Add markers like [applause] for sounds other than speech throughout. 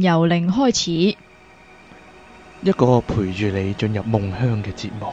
由零開始，一個陪住你進入夢鄉嘅節目，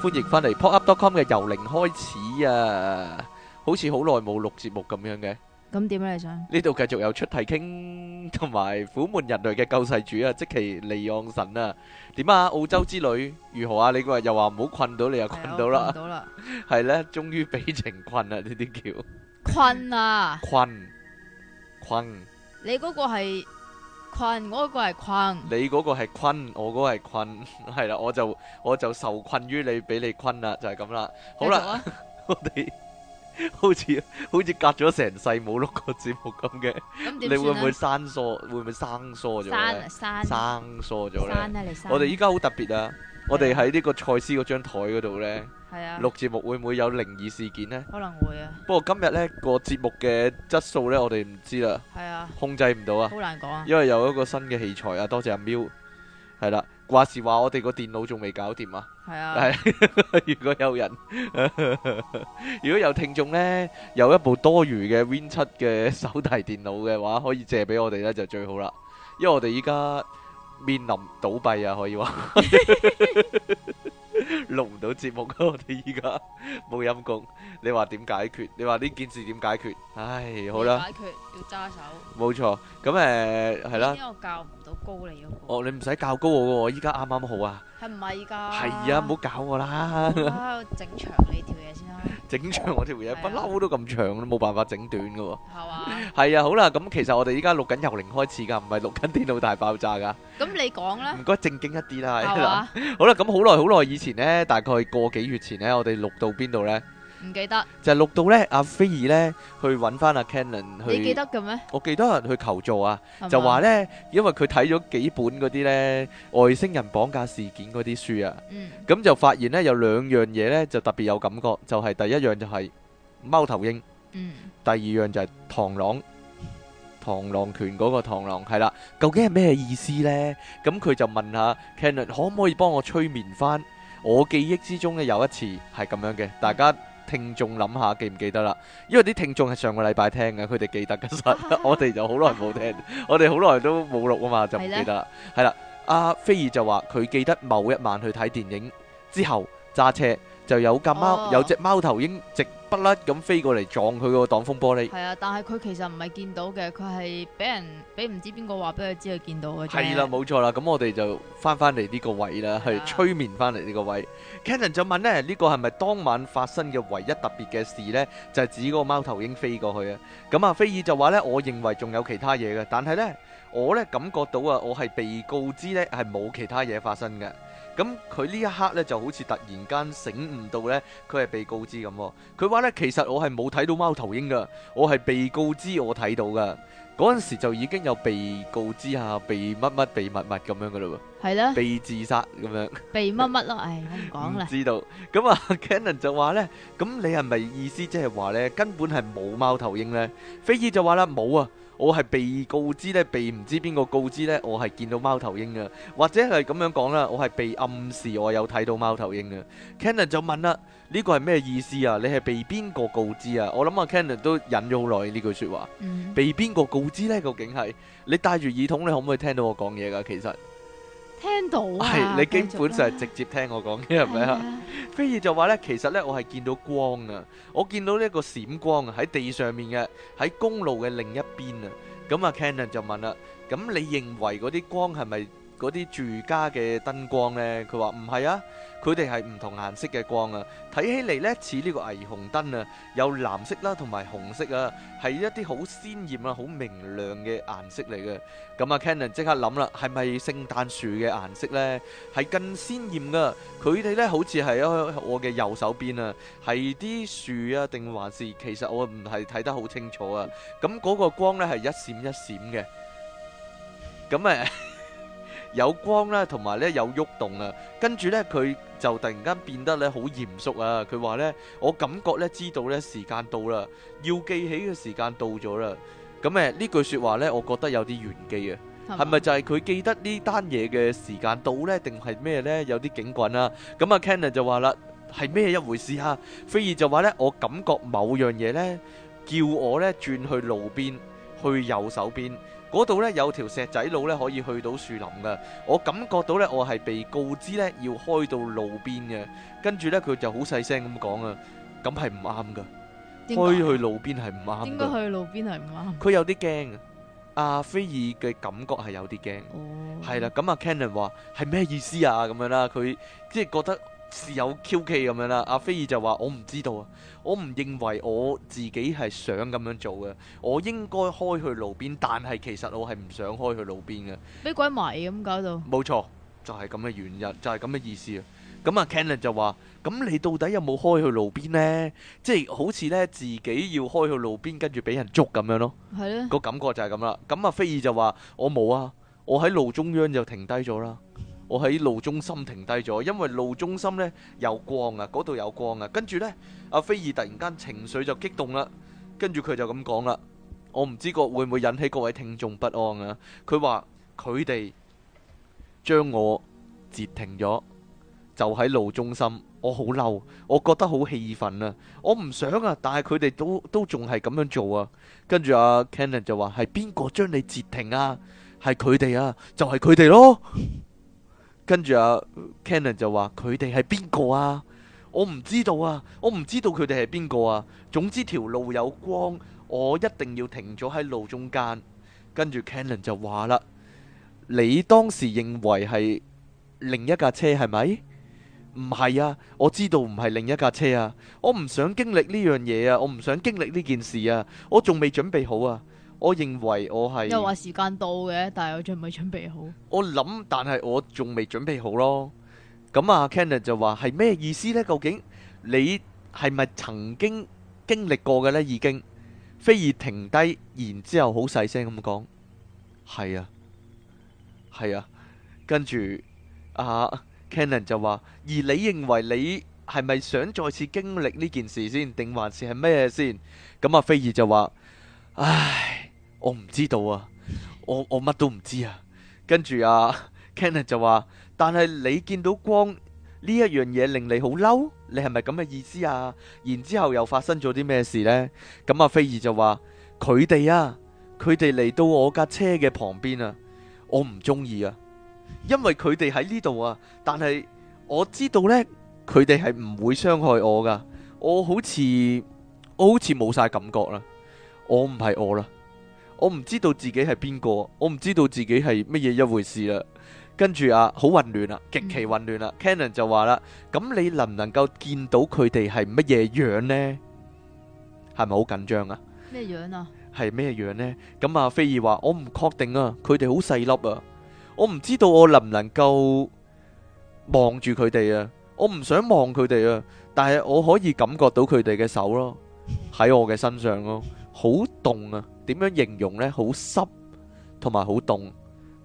歡迎返嚟 PodUp dot com 嘅由零開始啊，好似好耐冇錄節目咁樣嘅，咁點啊？你想呢度繼續有出題傾？同埋苦悶人類嘅救世主啊，即其利昂神啊，點啊？澳洲之旅如何啊？你話又話唔好困到你又困到啦，係咧，終於俾情困啦，呢啲叫困啊！困困，你嗰個係困，我嗰個係困，你嗰個係困，我嗰個係困，係啦，我就我就受困於你俾你困啦，就係咁啦，好啦，我哋。好似好似隔咗成世冇錄過節目咁嘅，你會唔會生疏？會唔會生疏咗咧？生疏咗咧。我哋依家好特別啊！我哋喺呢個賽斯嗰張台嗰度呢，錄節目會唔會有靈異事件呢？可能會啊。不過今日呢個節目嘅質素呢，我哋唔知啦。係啊，控制唔到啊。好難講啊，因為有一個新嘅器材啊，多謝阿 Miu，係啦。話時話，我哋個電腦仲未搞掂啊！係啊， [laughs] 如果有人， [laughs] 如果有聽眾呢，有一部多餘嘅 Win 七嘅手提電腦嘅話，可以借俾我哋呢，就最好啦。因為我哋依家面臨倒閉啊，可以話。 [laughs] [laughs] 錄唔到節目啊！我哋依家冇陰功，你話點解決？你話呢件事點解決？唉，好啦，解決要揸手，冇錯。咁誒，係啦，因為我教唔到高你嗰個，哦，你唔使教高我噶，我依家啱啱好啊，係唔係依家？係啊，唔好搞我啦，我整長你條嘢先啦，整長我條嘢，不嬲都咁長，都冇辦法整短噶喎，係嘛？係啊，好啦，咁其實我哋依家錄緊由零開始噶，唔係錄緊電腦大爆炸噶，咁你講啦，唔該正經一啲啦，係嘛？好啦，咁好耐好耐以前。前呢大概個幾月前呢，我哋錄到邊度呢？唔記得就係錄到呢，阿菲爾呢去搵翻阿 Canon 去。你記得嘅咩？我記得有人去求助啊，就話呢，因為佢睇咗幾本嗰啲呢外星人綁架事件嗰啲書啊，咁就發現呢有兩樣嘢呢就特別有感覺，就係第一樣就係貓頭鷹，第二樣就係螳螂，螳螂拳嗰個螳螂係啦，究竟係咩意思呢？咁佢就問下 Canon 可唔可以幫我催眠翻？我記憶之中嘅有一次係咁樣嘅，大家聽眾諗下記唔記得啦？因為啲聽眾係上個禮拜聽嘅，佢哋記得嘅，啊、 [laughs] 我哋就好耐冇聽，啊、我哋好耐都冇錄啊嘛，就唔記得啦。係啦、啊，阿菲爾就話佢記得某一晚去睇電影之後揸車。就有架貓，oh. 有隻貓頭鷹直不甩咁飛過嚟撞佢個擋風玻璃。係啊，但係佢其實唔係見到嘅，佢係俾人俾唔知邊個話俾佢知佢見到嘅。係啦、啊，冇錯啦、啊，咁我哋就翻翻嚟呢個位啦，係催眠翻嚟呢個位。Cannon 就問咧，呢個係咪當晚發生嘅唯一特別嘅事呢？就係、係、指嗰個貓頭鷹飛過去啊。咁啊，菲爾就話呢，我認為仲有其他嘢嘅，但係呢，我呢感覺到啊，我係被告知呢，係冇其他嘢發生嘅。咁佢呢一刻咧就好似突然間醒悟到咧，佢係被告知咁。佢話咧，其實我係冇睇到貓頭鷹噶，我係被告知我睇到噶。嗰陣時就已經有被告知呀，被乜乜，被乜乜咁樣噶嘞喎。係啦，被自殺咁樣。被乜乜咯，唉，我唔講啦。知道。咁啊，Cannon 就話咧，咁你係咪意思即係話咧根本係冇貓頭鷹咧？菲爾就話啦，冇啊。我係被告知咧，被唔知邊個告知咧，我係見到貓頭鷹嘅，或者係咁樣講啦，我係被暗示我有睇到貓頭鷹嘅。Cannon 就問啦，呢個係咩意思啊？你係被邊個告知啊？我諗阿 Cannon 都忍咗好耐呢句説話，mm hmm. 被邊個告知咧？究竟係你戴住耳筒，你可唔可以聽到我講嘢㗎？其實。聽到係，啊，你基本上係直接聽我講嘅，係咪啊？菲爾 [laughs] 就話咧，其實咧，我係見到光啊，我見到呢一個閃光啊，喺地上面嘅，喺公路嘅另一邊啊。咁啊，Cannon 就問啦，咁你認為嗰啲光係咪嗰啲住家嘅燈光咧，佢話唔係啊，佢哋係唔同顏色嘅光啊，睇起嚟咧似呢個霓虹燈啊，有藍色啦，同埋紅色啊，係一啲好鮮豔啊、好明亮嘅顏色嚟嘅。咁啊，Cannon 即刻諗啦，係咪聖誕樹嘅顏色咧？係更鮮豔噶，佢哋咧好似係喺我嘅右手邊啊，係啲樹啊，定還是其實我唔係睇得好清楚啊？咁嗰個光咧係一閃一閃嘅，咁誒。有光啦，同埋咧有喐動啊，跟住咧佢就突然間變得咧好嚴肅啊，佢話咧我感覺咧知道咧時間到啦，要記起嘅時間到咗啦，咁誒呢句説話咧我覺得有啲玄機啊，係咪吧就係佢記得呢單嘢嘅時間到呢？定係咩呢？有啲警棍啊？咁啊 Kenner 就話啦，係咩一回事啊？菲爾就話咧我感覺某樣嘢咧叫我咧轉去路邊，去右手邊。嗰度咧有條石仔路咧可以去到樹林噶，我感覺到咧我係被告知咧要開到路邊嘅，跟住咧佢就好細聲咁講啊，咁係唔啱噶，開去路邊係唔啱，應該去路邊係唔啱。佢有啲驚啊，阿菲爾嘅感覺係有啲驚，係啦、哦，咁阿 Cannon 話係咩意思啊？咁樣啦，佢即係覺得。事有蹊蹺咁樣啦，阿飛爾就話：我唔知道啊，我唔認為我自己係想咁樣做嘅，我應該開去路邊，但係其實我係唔想開去路邊嘅。俾鬼迷咁搞到，冇錯，就係咁嘅原因，就係咁嘅意思啊。咁、嗯、啊 Cannon 就話：咁、嗯、你到底有冇開去路邊呢？即係好似呢，自己要開去路邊，跟住俾人捉咁樣咯。係呢個感覺就係咁啦。咁、嗯、阿飛爾就話：我冇啊，我喺路中央就停低咗啦。我喺路中心停低咗，因為路中心呢，有光啊，嗰度有光啊。跟住呢，阿菲爾突然間情緒就激動啦，跟住佢就咁講啦。我唔知個會唔會引起各位聽眾不安啊？佢話佢哋將我截停咗，就喺路中心。我好嬲，我覺得好氣憤啊！我唔想啊，但係佢哋都都仲係咁樣做啊。跟住阿 Cannon 就話，係邊個將你截停啊？係佢哋啊，就係佢哋咯。跟住啊，Cannon 就話：佢哋係邊個啊？我唔知道啊，我唔知道佢哋係邊個啊。總之條路有光，我一定要停咗喺路中間。跟住 Cannon 就話啦：你當時認為係另一架車係咪？唔係啊，我知道唔係另一架車啊。我唔想經歷呢樣嘢啊，我唔想經歷呢件事啊，我仲未準備好啊。我認為我係又話時間到嘅，但係我仲未準備好。我諗，但係我仲未準備好咯。咁啊 Cannon 就話係咩意思呢？究竟你係咪曾經經歷過嘅呢？已經，菲爾停低，然之後好細聲咁講：係啊，係啊。跟住啊 Cannon 就話：而你認為你係咪想再次經歷呢件事先，定還是係咩先？咁阿、啊、菲爾就話：唉。我唔知道啊，我我乜都唔知啊。跟住啊 Cannon 就話：但係你見到光呢一樣嘢，令你好嬲，你係咪咁嘅意思啊？然之後又發生咗啲咩事呢？咁阿菲兒就話：佢哋啊，佢哋嚟到我架車嘅旁邊啊，我唔中意啊，因為佢哋喺呢度啊。但係我知道呢，佢哋係唔會傷害我噶。我好似我好似冇晒感覺啦，我唔係我啦。我唔知道自己係邊個，我唔知道自己係乜嘢一回事啦。跟住啊，好混亂啦，極其混亂啦。Cannon 就話啦，咁你能唔能夠見到佢哋係乜嘢樣呢？係咪好緊張啊？咩樣啊？係咩樣呢？咁啊，菲兒話我唔確定啊，佢哋好細粒啊，我唔知道我能唔能夠望住佢哋啊，我唔想望佢哋啊，但係我可以感覺到佢哋嘅手咯，喺我嘅身上咯。好凍啊！點樣形容呢？好濕同埋好凍，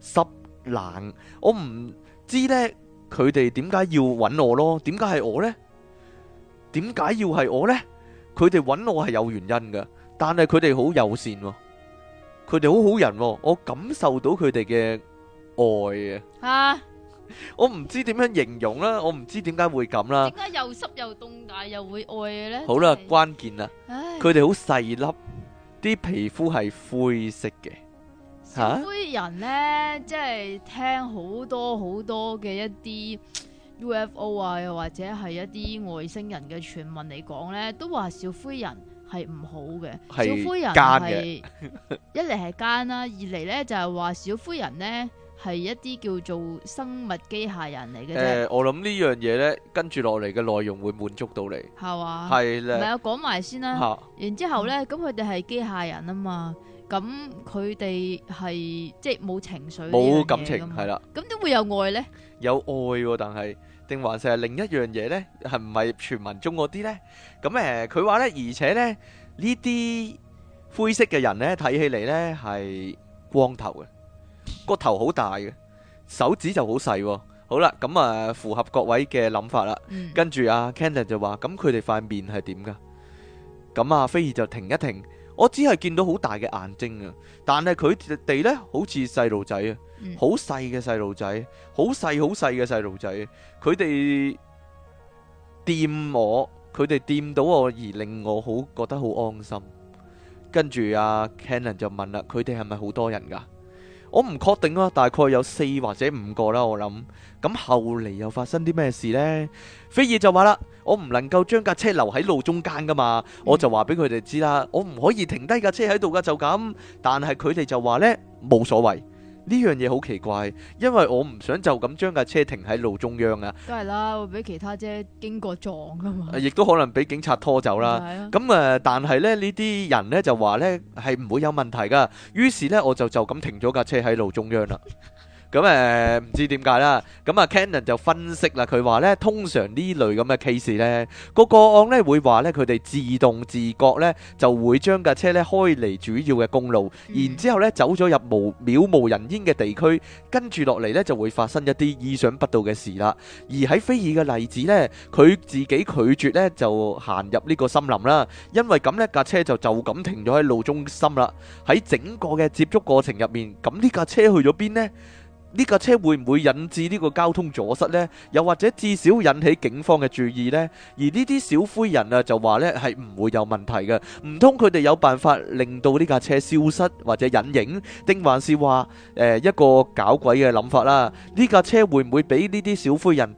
濕冷。我唔知呢，佢哋點解要揾我咯？點解係我呢？點解要係我呢？佢哋揾我係有原因㗎，但係佢哋好友善，佢哋好好人，我感受到佢哋嘅愛啊！我唔知點樣形容啦，我唔知點解會咁啦。點解又濕又凍，但又會愛嘅咧？就是、好啦，關鍵啦，佢哋好細粒，啲皮膚係灰色嘅。小灰人咧，啊、即係聽好多好多嘅一啲 UFO 啊，又或者係一啲外星人嘅傳聞嚟講咧，都話小灰人係唔好嘅。奸 [laughs] 小灰人係一嚟係奸啦，二嚟咧就係、是、話小灰人咧。係一啲叫做生物機械人嚟嘅啫。誒，我諗呢樣嘢咧，跟住落嚟嘅內容會滿足到你，係嘛？係啦，唔係啊，講埋先啦。然之後咧，咁佢哋係機械人啊嘛，咁佢哋係即係冇情緒冇感情，係啦。咁點會有愛咧？有愛，但係定還是係另一樣嘢咧？係唔係傳聞中嗰啲咧？咁誒，佢話咧，而且咧呢啲灰色嘅人咧，睇起嚟咧係光頭嘅。個頭好大嘅，手指就好細。哦，好啦，咁、嗯、啊，符合各位嘅諗法啦。跟住阿、啊、Cannon 就話：咁佢哋塊面係點噶？咁阿、嗯啊、菲兒就停一停，我只係見到好大嘅眼睛啊，但係佢哋咧好似細路仔啊，好細嘅細路仔，好細好細嘅細路仔。佢哋掂我，佢哋掂到我而令我好覺得好安心。跟住阿、啊、Cannon 就問啦：佢哋係咪好多人噶？我唔確定啊，大概有四或者五個啦，我諗。咁後嚟又發生啲咩事呢？菲爾就話啦，我唔能夠將架車留喺路中間噶嘛，嗯、我就話俾佢哋知啦，我唔可以停低架車喺度噶，就咁。但係佢哋就話呢，冇所謂。呢樣嘢好奇怪，因為我唔想就咁將架車停喺路中央啊。都係啦，會俾其他車經過撞噶嘛。亦都可能俾警察拖走啦。咁誒的，但係咧呢啲人咧就話咧係唔會有問題噶。於是咧我就就咁停咗架車喺路中央啦。 [laughs] 咁誒唔知點解啦。咁啊，Cannon 就分析啦，佢話咧，通常呢類咁嘅 case 咧，個個案咧會話咧，佢哋自動自覺咧就會將架車咧開嚟主要嘅公路，然之後咧走咗入無渺無人煙嘅地區，跟住落嚟咧就會發生一啲意想不到嘅事啦。而喺菲爾嘅例子咧，佢自己拒絕咧就行入呢個森林啦，因為咁咧架車就就咁停咗喺路中心啦。喺整個嘅接觸過程入面，咁呢架車去咗邊咧？呢架車會唔會引致呢個交通阻塞咧？又或者至少引起警方嘅注意咧？而呢啲小灰人啊，就話咧係唔會有問題嘅，唔通佢哋有辦法令到呢架車消失或者隱形？定還是話誒，一個搞鬼嘅諗法啦？呢架車會唔會俾呢啲小灰人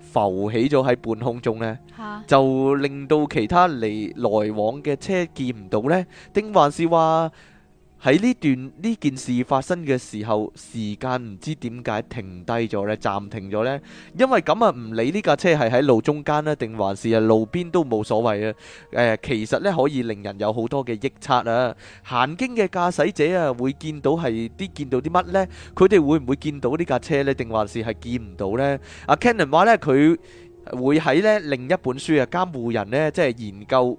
浮起咗喺半空中咧？就令到其他嚟來往嘅車見唔到咧？定還是話？喺呢段呢件事發生嘅時候，時間唔知點解停低咗咧，暫停咗咧，因為咁啊，唔理呢架車係喺路中間咧，定還是啊路邊都冇所謂啊。誒，其實咧可以令人有好多嘅臆測啊。行經嘅駕駛者啊，會見到係啲見到啲乜咧？佢哋會唔會見到呢架車咧？定還是係見唔到咧？阿 Cannon 話咧，佢會喺咧另一本書啊，《監護人》咧，即係研究。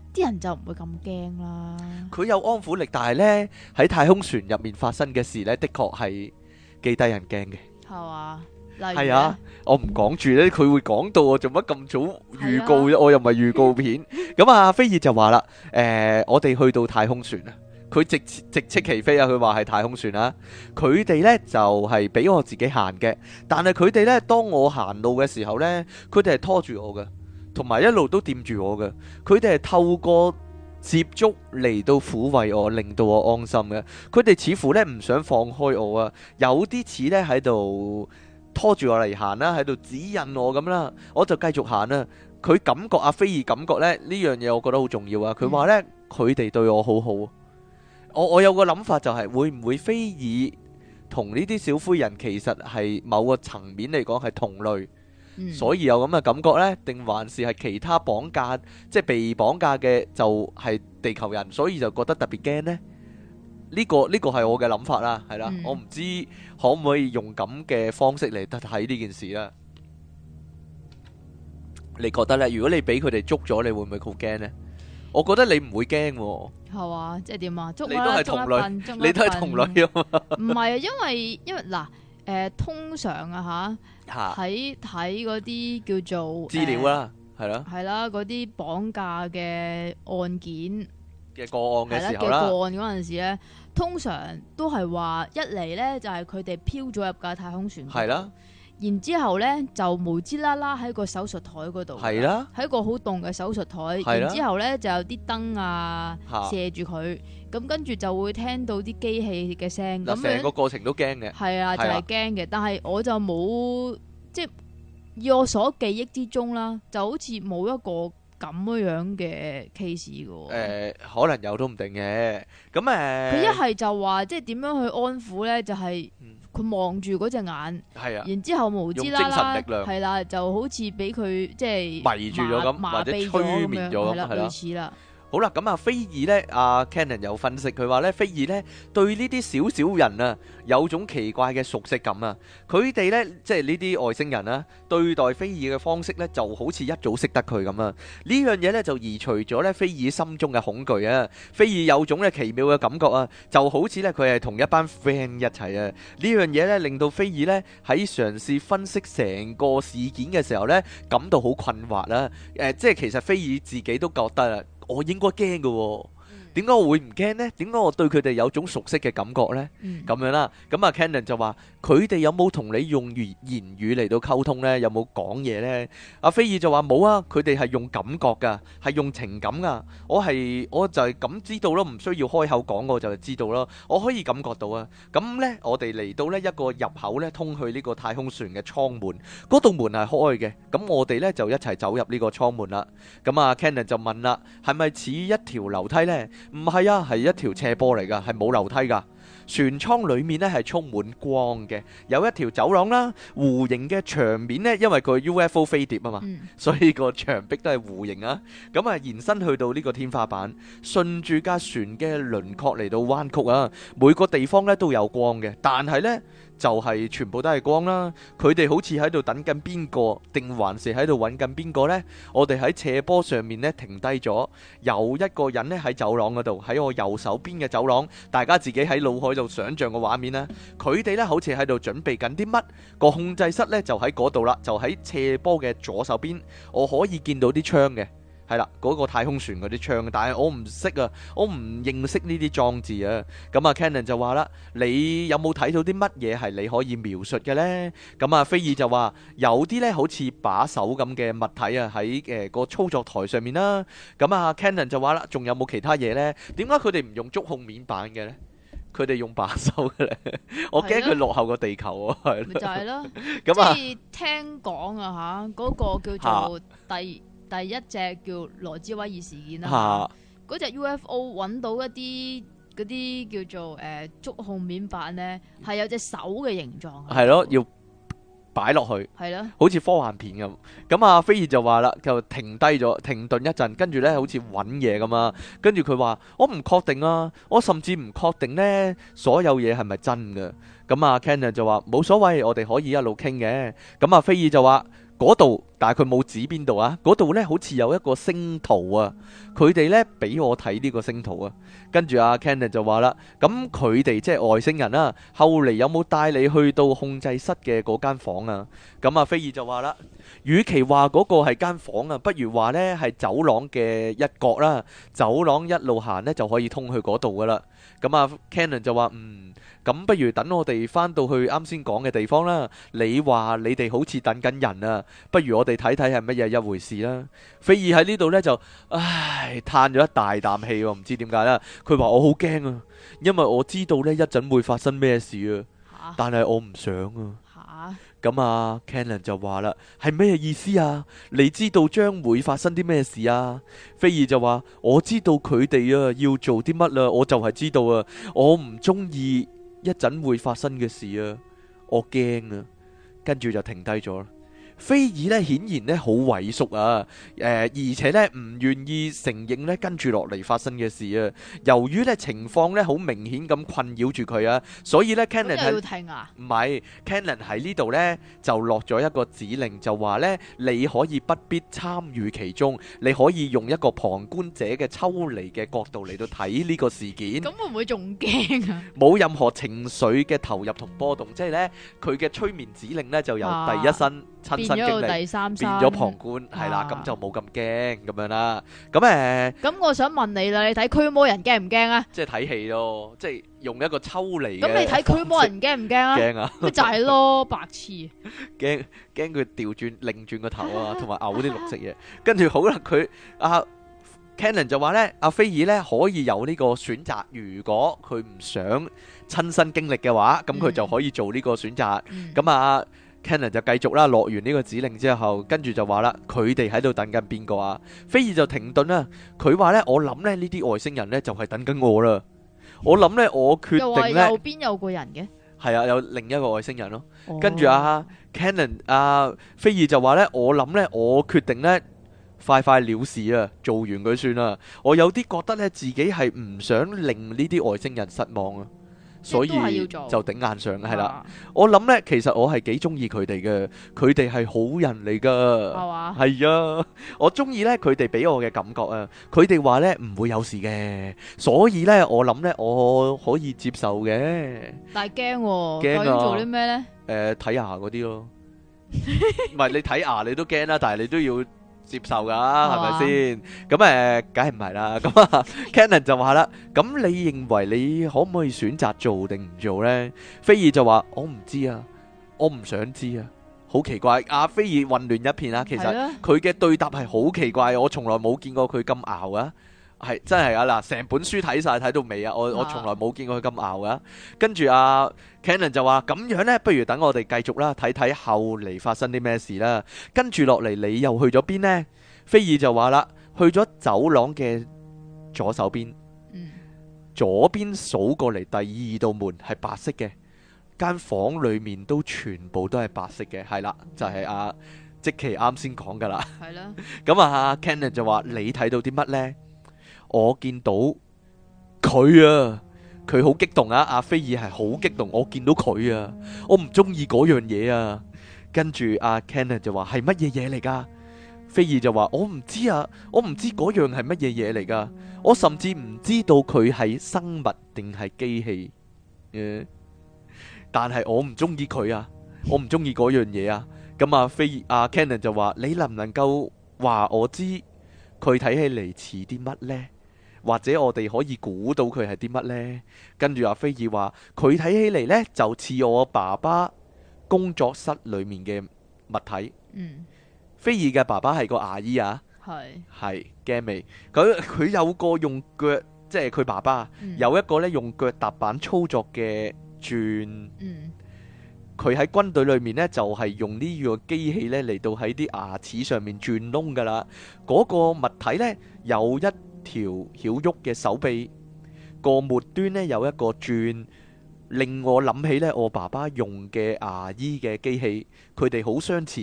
啲人就唔會咁驚啦。佢有安撫力，但係呢，喺太空船入面發生嘅事呢，的確係幾得人驚嘅。係啊，例如係啊，我唔講住呢，佢會講到我做乜咁早預告，啊、我又唔係預告片。咁 [laughs] 啊，菲爾就話啦，誒、呃，我哋去到太空船啊，佢直直斥其非啊，佢話係太空船啊，佢哋呢就係、是、俾我自己行嘅，但係佢哋呢，當我行路嘅時候呢，佢哋係拖住我嘅。同埋一路都掂住我嘅，佢哋係透過接觸嚟到撫慰我，令到我安心嘅。佢哋似乎呢唔想放開我啊，有啲似呢喺度拖住我嚟行啦，喺度指引我咁啦。我就繼續行啦。佢感覺阿菲爾感覺咧呢樣嘢，這個、我覺得好重要啊。佢話呢，佢哋、嗯、對我好好。我我有個諗法就係、是、會唔會菲爾同呢啲小灰人其實係某個層面嚟講係同類？所以有咁嘅感覺呢，定還是係其他綁架，即係被綁架嘅就係地球人，所以就覺得特別驚呢。呢個呢個係我嘅諗法啦，係啦，我唔知可唔可以用咁嘅方式嚟睇呢件事啦。你覺得咧？如果你俾佢哋捉咗，你會唔會好驚呢？我覺得你唔會驚，係嘛？即係點啊？捉，你都係同類，你都係同類吖嘛？唔係啊，因為，因為，嗱，誒，通常啊吓。睇睇嗰啲叫做資料啦、啊，係咯、呃，係啦嗰啲綁架嘅案件嘅個案嘅時候啦、啊，嘅個案嗰陣時咧，通常都係話一嚟咧就係佢哋漂咗入架太空船，係啦的，然之後咧就無知啦啦喺個手術台嗰度，係啦的，喺個好凍嘅手術台，的然之後咧就有啲燈啊，啊射住佢。咁跟住就會聽到啲機器嘅聲，咁成個過程都驚嘅。係啊，就係驚嘅。但係我就冇，即要我所記憶之中啦，就好似冇一個咁樣嘅 case 嘅。誒，可能有都唔定嘅。咁誒，佢一係就話即係點樣去安撫咧？就係佢望住嗰隻眼，係啊，然之後無知啦啦，係啦，就好似俾佢即係迷住咗咁，或者催眠咗咁，啊、類似啦。好啦，咁啊，菲爾呢？阿 Cannon 又分析佢話呢菲爾呢對呢啲小小人啊，有種奇怪嘅熟悉感啊。佢哋呢，即係呢啲外星人啊，對待菲爾嘅方式呢，就好似一早識得佢咁啊。呢樣嘢呢，就移除咗呢菲爾心中嘅恐懼啊。菲爾有種咧奇妙嘅感覺啊，就好似呢佢係同一班 friend 一齊啊。呢樣嘢呢，令到菲爾呢喺嘗試分析成個事件嘅時候呢，感到好困惑啦、啊。誒、呃，即係其實菲爾自己都覺得啊。我應該驚噶喎。Oh, 點解我會唔驚呢？點解我對佢哋有種熟悉嘅感覺呢？咁樣啦，咁啊 Cannon 就話：佢哋有冇同你用言言語嚟到溝通呢？有冇講嘢呢？阿菲爾就話冇啊，佢哋係用感覺噶，係用情感噶。我係我就係咁知道咯，唔需要開口講，我就知道咯。我可以感覺到啊。咁呢，我哋嚟到呢一個入口呢，通去呢個太空船嘅艙門。嗰道門係開嘅。咁我哋呢就一齊走入呢個艙門啦。咁啊 Cannon 就問啦：係咪似一條樓梯呢？唔係啊，係一條斜坡嚟噶，係冇樓梯噶。船艙裏面咧，係充滿光嘅，有一條走廊啦，弧形嘅牆面咧，因為佢 UFO 飛碟啊嘛，所以個牆壁都係弧形啊。咁啊延伸去到呢個天花板，順住架船嘅輪廓嚟到彎曲啊。每個地方咧都有光嘅，但係咧。就係全部都係光啦，佢哋好似喺度等緊邊個，定還是喺度揾緊邊個呢？我哋喺斜坡上面呢停低咗，有一個人呢喺走廊嗰度，喺我右手邊嘅走廊，大家自己喺腦海度想像個畫面啦。佢哋呢好似喺度準備緊啲乜，個控制室呢就喺嗰度啦，就喺斜坡嘅左手邊，我可以見到啲窗嘅。係啦，嗰、那個太空船嗰啲槍，但係我唔識啊，我唔認識呢啲裝置啊。咁、嗯、啊，Cannon 就話啦：，你有冇睇到啲乜嘢係你可以描述嘅呢？」咁啊，菲爾就話有啲咧，好似把手咁嘅物體啊，喺誒、呃那個操作台上面啦、啊。咁、嗯、啊，Cannon 就話啦：，仲有冇其他嘢呢？點解佢哋唔用觸控面板嘅呢？佢哋用把手嘅咧， [laughs] 我驚佢落後個地球啊。」係咪就係咯？咁啊、 [laughs] 嗯，聽講啊嚇，嗰、那個叫做第。 [laughs] 第一隻叫羅茲威爾事件啦，嗰隻 UFO 揾到一啲嗰啲叫做誒、呃、觸控面板咧，係有隻手嘅形狀，係咯，要擺落去，係咯的，好似科幻片咁。咁啊，菲爾就話啦，就停低咗，停頓一陣，跟住咧好似揾嘢咁啊，跟住佢話我唔確定啊，我甚至唔確定咧，所有嘢係咪真嘅？咁啊 Cannon 就話冇所謂，我哋可以一路傾嘅。咁啊，菲爾就話。嗰度，但係佢冇指邊度啊？嗰度呢好似有一個星圖啊！佢哋呢俾我睇呢個星圖啊。跟住阿、啊、Canon 就話啦，咁佢哋即係外星人啦、啊，後嚟有冇帶你去到控制室嘅嗰間房啊？咁、啊、阿菲爾就話啦，與其話嗰個係間房啊，不如話呢係走廊嘅一角啦。走廊一路行呢就可以通去嗰度㗎啦。咁啊 Canon 就話，嗯。咁不如等我哋翻到去啱先講嘅地方啦。你話你哋好似等緊人啊？不如我哋睇睇係乜嘢一回事啦。菲兒喺呢度呢，就唉嘆咗一大啖氣喎，唔知點解啦。佢話，我好驚啊，因為我知道呢一陣會發生咩事啊，但係我唔想啊。嚇、啊！咁啊，Canon 就話啦，係咩意思啊？你知道將會發生啲咩事啊？菲兒就話，我知道佢哋啊要做啲乜啦，我就係知道啊，我唔中意。一陣會發生嘅事啊，我驚啊，跟住就停低咗啦。菲爾咧顯然咧好萎縮啊，誒、呃、而且咧唔願意承認咧跟住落嚟發生嘅事啊。由於咧情況咧好明顯咁困擾住佢啊，所以咧 Cannon 唔係 Cannon 喺呢度咧、啊、就落咗一個指令就呢，就話咧你可以不必參與其中，你可以用一個旁觀者嘅抽離嘅角度嚟到睇呢個事件。咁會唔會仲驚啊？冇任何情緒嘅投入同波動，即係咧佢嘅催眠指令咧就由第一身、啊。變咗第三，變咗旁觀，係啦，咁就冇咁驚咁樣啦。咁誒，咁我想問你啦，你睇驅魔人驚唔驚啊？即係睇戲咯，即係用一個抽離。咁你睇驅魔人驚唔驚啊？驚啊！咪就係咯，白痴。驚驚佢調轉、擰轉個頭啊，同埋嘔啲綠色嘢。跟住好啦，佢阿 Cannon 就話咧，阿菲爾咧可以有呢個選擇，如果佢唔想親身經歷嘅話，咁佢就可以做呢個選擇。咁啊。Cannon 就繼續啦，落完呢個指令之後，跟住就話啦，佢哋喺度等緊邊個啊？菲爾就停頓啦，佢話咧，我諗咧，呢啲外星人咧就係等緊我啦。我諗咧，我決定咧，又話右邊有個人嘅，係啊，有另一個外星人咯。跟住啊，Cannon 啊，菲爾就話咧，我諗咧，我決定咧，快快了事啊，做完佢算啦。我有啲覺得咧，自己係唔想令呢啲外星人失望啊。所以就頂硬上係啦。我諗咧，其實我係幾中意佢哋嘅，佢哋係好人嚟噶，係啊。我中意咧，佢哋俾我嘅感覺啊。佢哋話咧唔會有事嘅，所以咧我諗咧我可以接受嘅。但係驚，驚做啲咩咧？誒，睇牙嗰啲咯，唔係你睇牙你都驚啦，但係你都要。接受噶，係咪先？咁誒，梗係唔係啦。咁啊 [laughs] ，Cannon 就話啦：「咁你認為你可唔可以選擇做定唔做呢？」 [laughs] 菲爾就話：我唔知啊，我唔想知啊，好奇怪！阿、啊、菲爾混亂一片啊，其實佢嘅對答係好奇怪，我從來冇見過佢咁拗啊。係真係啊！嗱，成本書睇晒睇到尾啊！我我從來冇見過佢咁熬噶。跟住啊，Cannon 就話咁樣呢，不如等我哋繼續啦，睇睇後嚟發生啲咩事啦。跟住落嚟，你又去咗邊呢？菲爾就話啦，去咗走廊嘅左手邊。左邊數過嚟第二道門係白色嘅，間房間裏面都全部都係白色嘅。係啦，就係、是、啊，即期啱先講噶啦。係啦了。咁 [laughs] 啊，Cannon 就話，你睇到啲乜呢？」我見到佢啊，佢好激動啊！阿菲爾係好激動。我見到佢啊，我唔中意嗰樣嘢啊。跟住阿 Kennan 就話，係乜嘢嘢嚟噶？菲爾就話，我唔知啊，我唔知嗰樣係乜嘢嘢嚟噶。我甚至唔知道佢係生物定係機器誒，但係我唔中意佢啊，我唔中意嗰樣嘢啊。咁啊，菲爾阿 Kennan 就話，你能唔能夠話我知佢睇起嚟似啲乜呢？或者我哋可以估到佢係啲乜呢？跟住阿、啊、菲爾話：佢睇起嚟呢，就似我爸爸工作室裏面嘅物體。嗯，菲爾嘅爸爸係個牙醫啊。係係鏡味。咁佢有個用腳，即係佢爸爸、嗯、有一個呢，用腳踏板操作嘅轉。佢喺、嗯、軍隊裏面呢，就係、是、用呢個機器呢嚟到喺啲牙齒上面轉窿噶啦。嗰、那個物體呢，有一。條曉喐嘅手臂個末端咧，有一個轉，令我諗起咧，我爸爸用嘅牙醫嘅機器，佢哋好相似。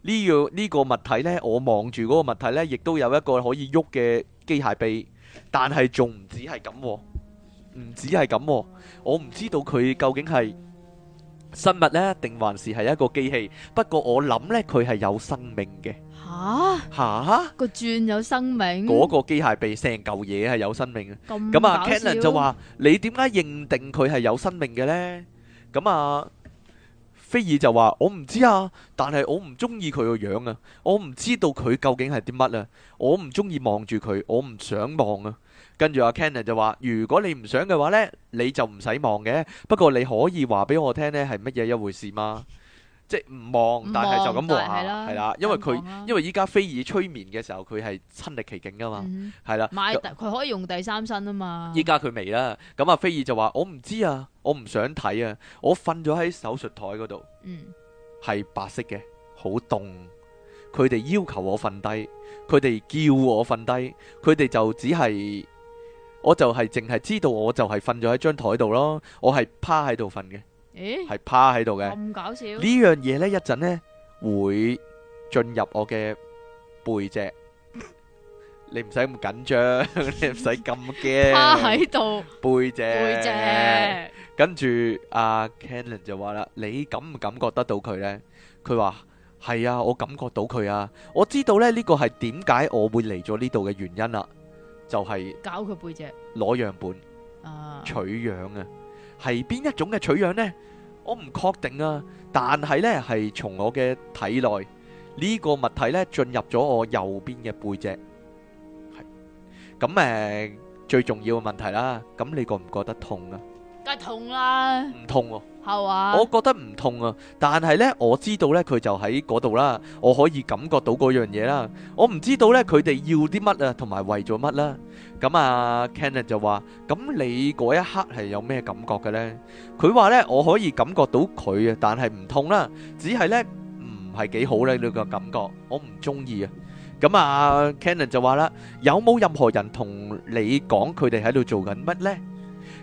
呢個呢個物體咧，我望住嗰個物體咧，亦都有一個可以喐嘅機械臂，但係仲唔止係咁，唔止係咁。我唔知道佢究竟係生物咧，定還是係一個機器。不過我諗咧，佢係有生命嘅。吓吓，個轉有生命？嗰個機械臂成嚿嘢係有生命嘅。咁咁啊，Cannon 就話：你點解認定佢係有生命嘅呢？咁啊，菲爾就話：我唔知啊，但係我唔中意佢個樣啊，我唔知道佢究竟係啲乜啊，我唔中意望住佢，我唔想望啊。跟住阿 Cannon 就話：如果你唔想嘅話呢，你就唔使望嘅。不過你可以話俾我聽呢，係乜嘢一回事嗎？即係唔望，看但係就咁望下，係啦、啊啊因，因為佢，因為依家菲爾催眠嘅時候，佢係親歷其境噶嘛，係啦，佢可以用第三身啊嘛。依家佢未啦，咁阿菲爾就話：我唔知啊，我唔想睇啊，我瞓咗喺手術台嗰度，係、嗯、白色嘅，好凍。佢哋要求我瞓低，佢哋叫我瞓低，佢哋就只係，我就係淨係知道我，我就係瞓咗喺張台度咯，我係趴喺度瞓嘅。係趴喺度嘅，咁搞笑呢樣嘢呢，一陣呢會進入我嘅背脊，你唔使咁緊張，你唔使咁驚。趴喺度，背脊，背脊。跟住阿 Cannon 就話啦：你感唔感覺得到佢呢？佢話：係啊，我感覺到佢啊，我知道呢呢個係點解我會嚟咗呢度嘅原因啦，就係搞佢背脊，攞樣本，啊，取樣啊。係邊一種嘅取樣呢？我唔確定啊，但係呢係從我嘅體內呢個物體呢進入咗我右邊嘅背脊，係咁誒最重要嘅問題啦。咁你覺唔覺得痛啊？梗係痛啦，唔痛喎。我覺得唔痛啊，但係呢，我知道呢，佢就喺嗰度啦，我可以感覺到嗰樣嘢啦。我唔知道呢，佢哋要啲乜啊，同埋為咗乜啦。咁啊，Kenneth 就話：咁你嗰一刻係有咩感覺嘅呢？佢話呢，我可以感覺到佢啊，但係唔痛啦，只係呢唔係幾好呢，呢個感覺，我唔中意啊。咁啊，Kenneth 就話啦：有冇任何人同你講佢哋喺度做緊乜呢？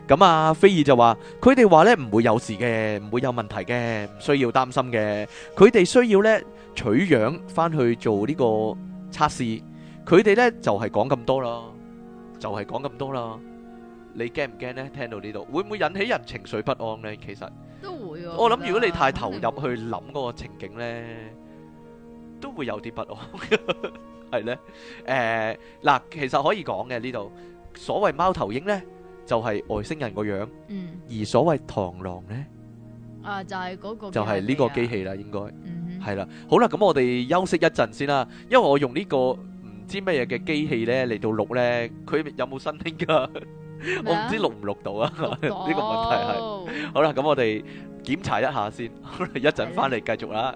咁啊，菲爾就話佢哋話呢唔會有事嘅，唔會有問題嘅，唔需要擔心嘅。佢哋需要呢取樣翻去做呢個測試。佢哋呢就係講咁多咯，就係講咁多咯。你驚唔驚呢？聽到呢度會唔會引起人情緒不安呢？其實都會啊。我諗如果你太投入去諗嗰個情景呢，都會有啲不安。係呢，誒，嗱，其實可以講嘅呢度，所謂貓頭鷹呢。就係外星人個樣，嗯，而所謂螳螂咧？啊就係嗰個就係呢個機器啦，應該係啦。好啦，咁我哋休息一陣先啦，因為我用呢個唔知乜嘢嘅機器咧嚟到錄咧，佢有冇新聽噶？我唔知錄唔錄到啊？呢個問題係，好啦，咁我哋檢查一下先，好啦，一陣翻嚟繼續啦。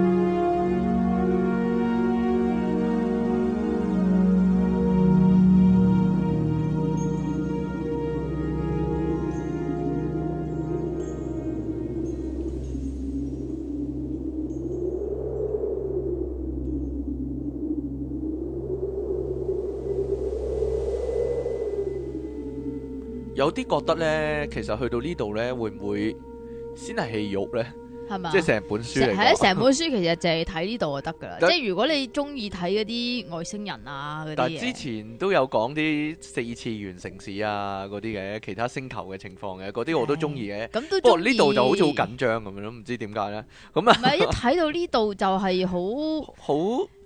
有啲覺得咧，其實去到呢度咧，會唔會先係戲肉咧？係嘛吧？即係成本書嚟。係啊，成本書其實淨係睇呢度就得㗎啦。但即係如果你中意睇嗰啲外星人啊嗰啲，之前都有講啲四次元城市啊嗰啲嘅，其他星球嘅情況嘅，嗰啲我都中意嘅。咁都的的。不過呢度是 [laughs] 就好似好緊張咁樣，唔知點解咧？咁啊。唔係一睇到呢度就係好好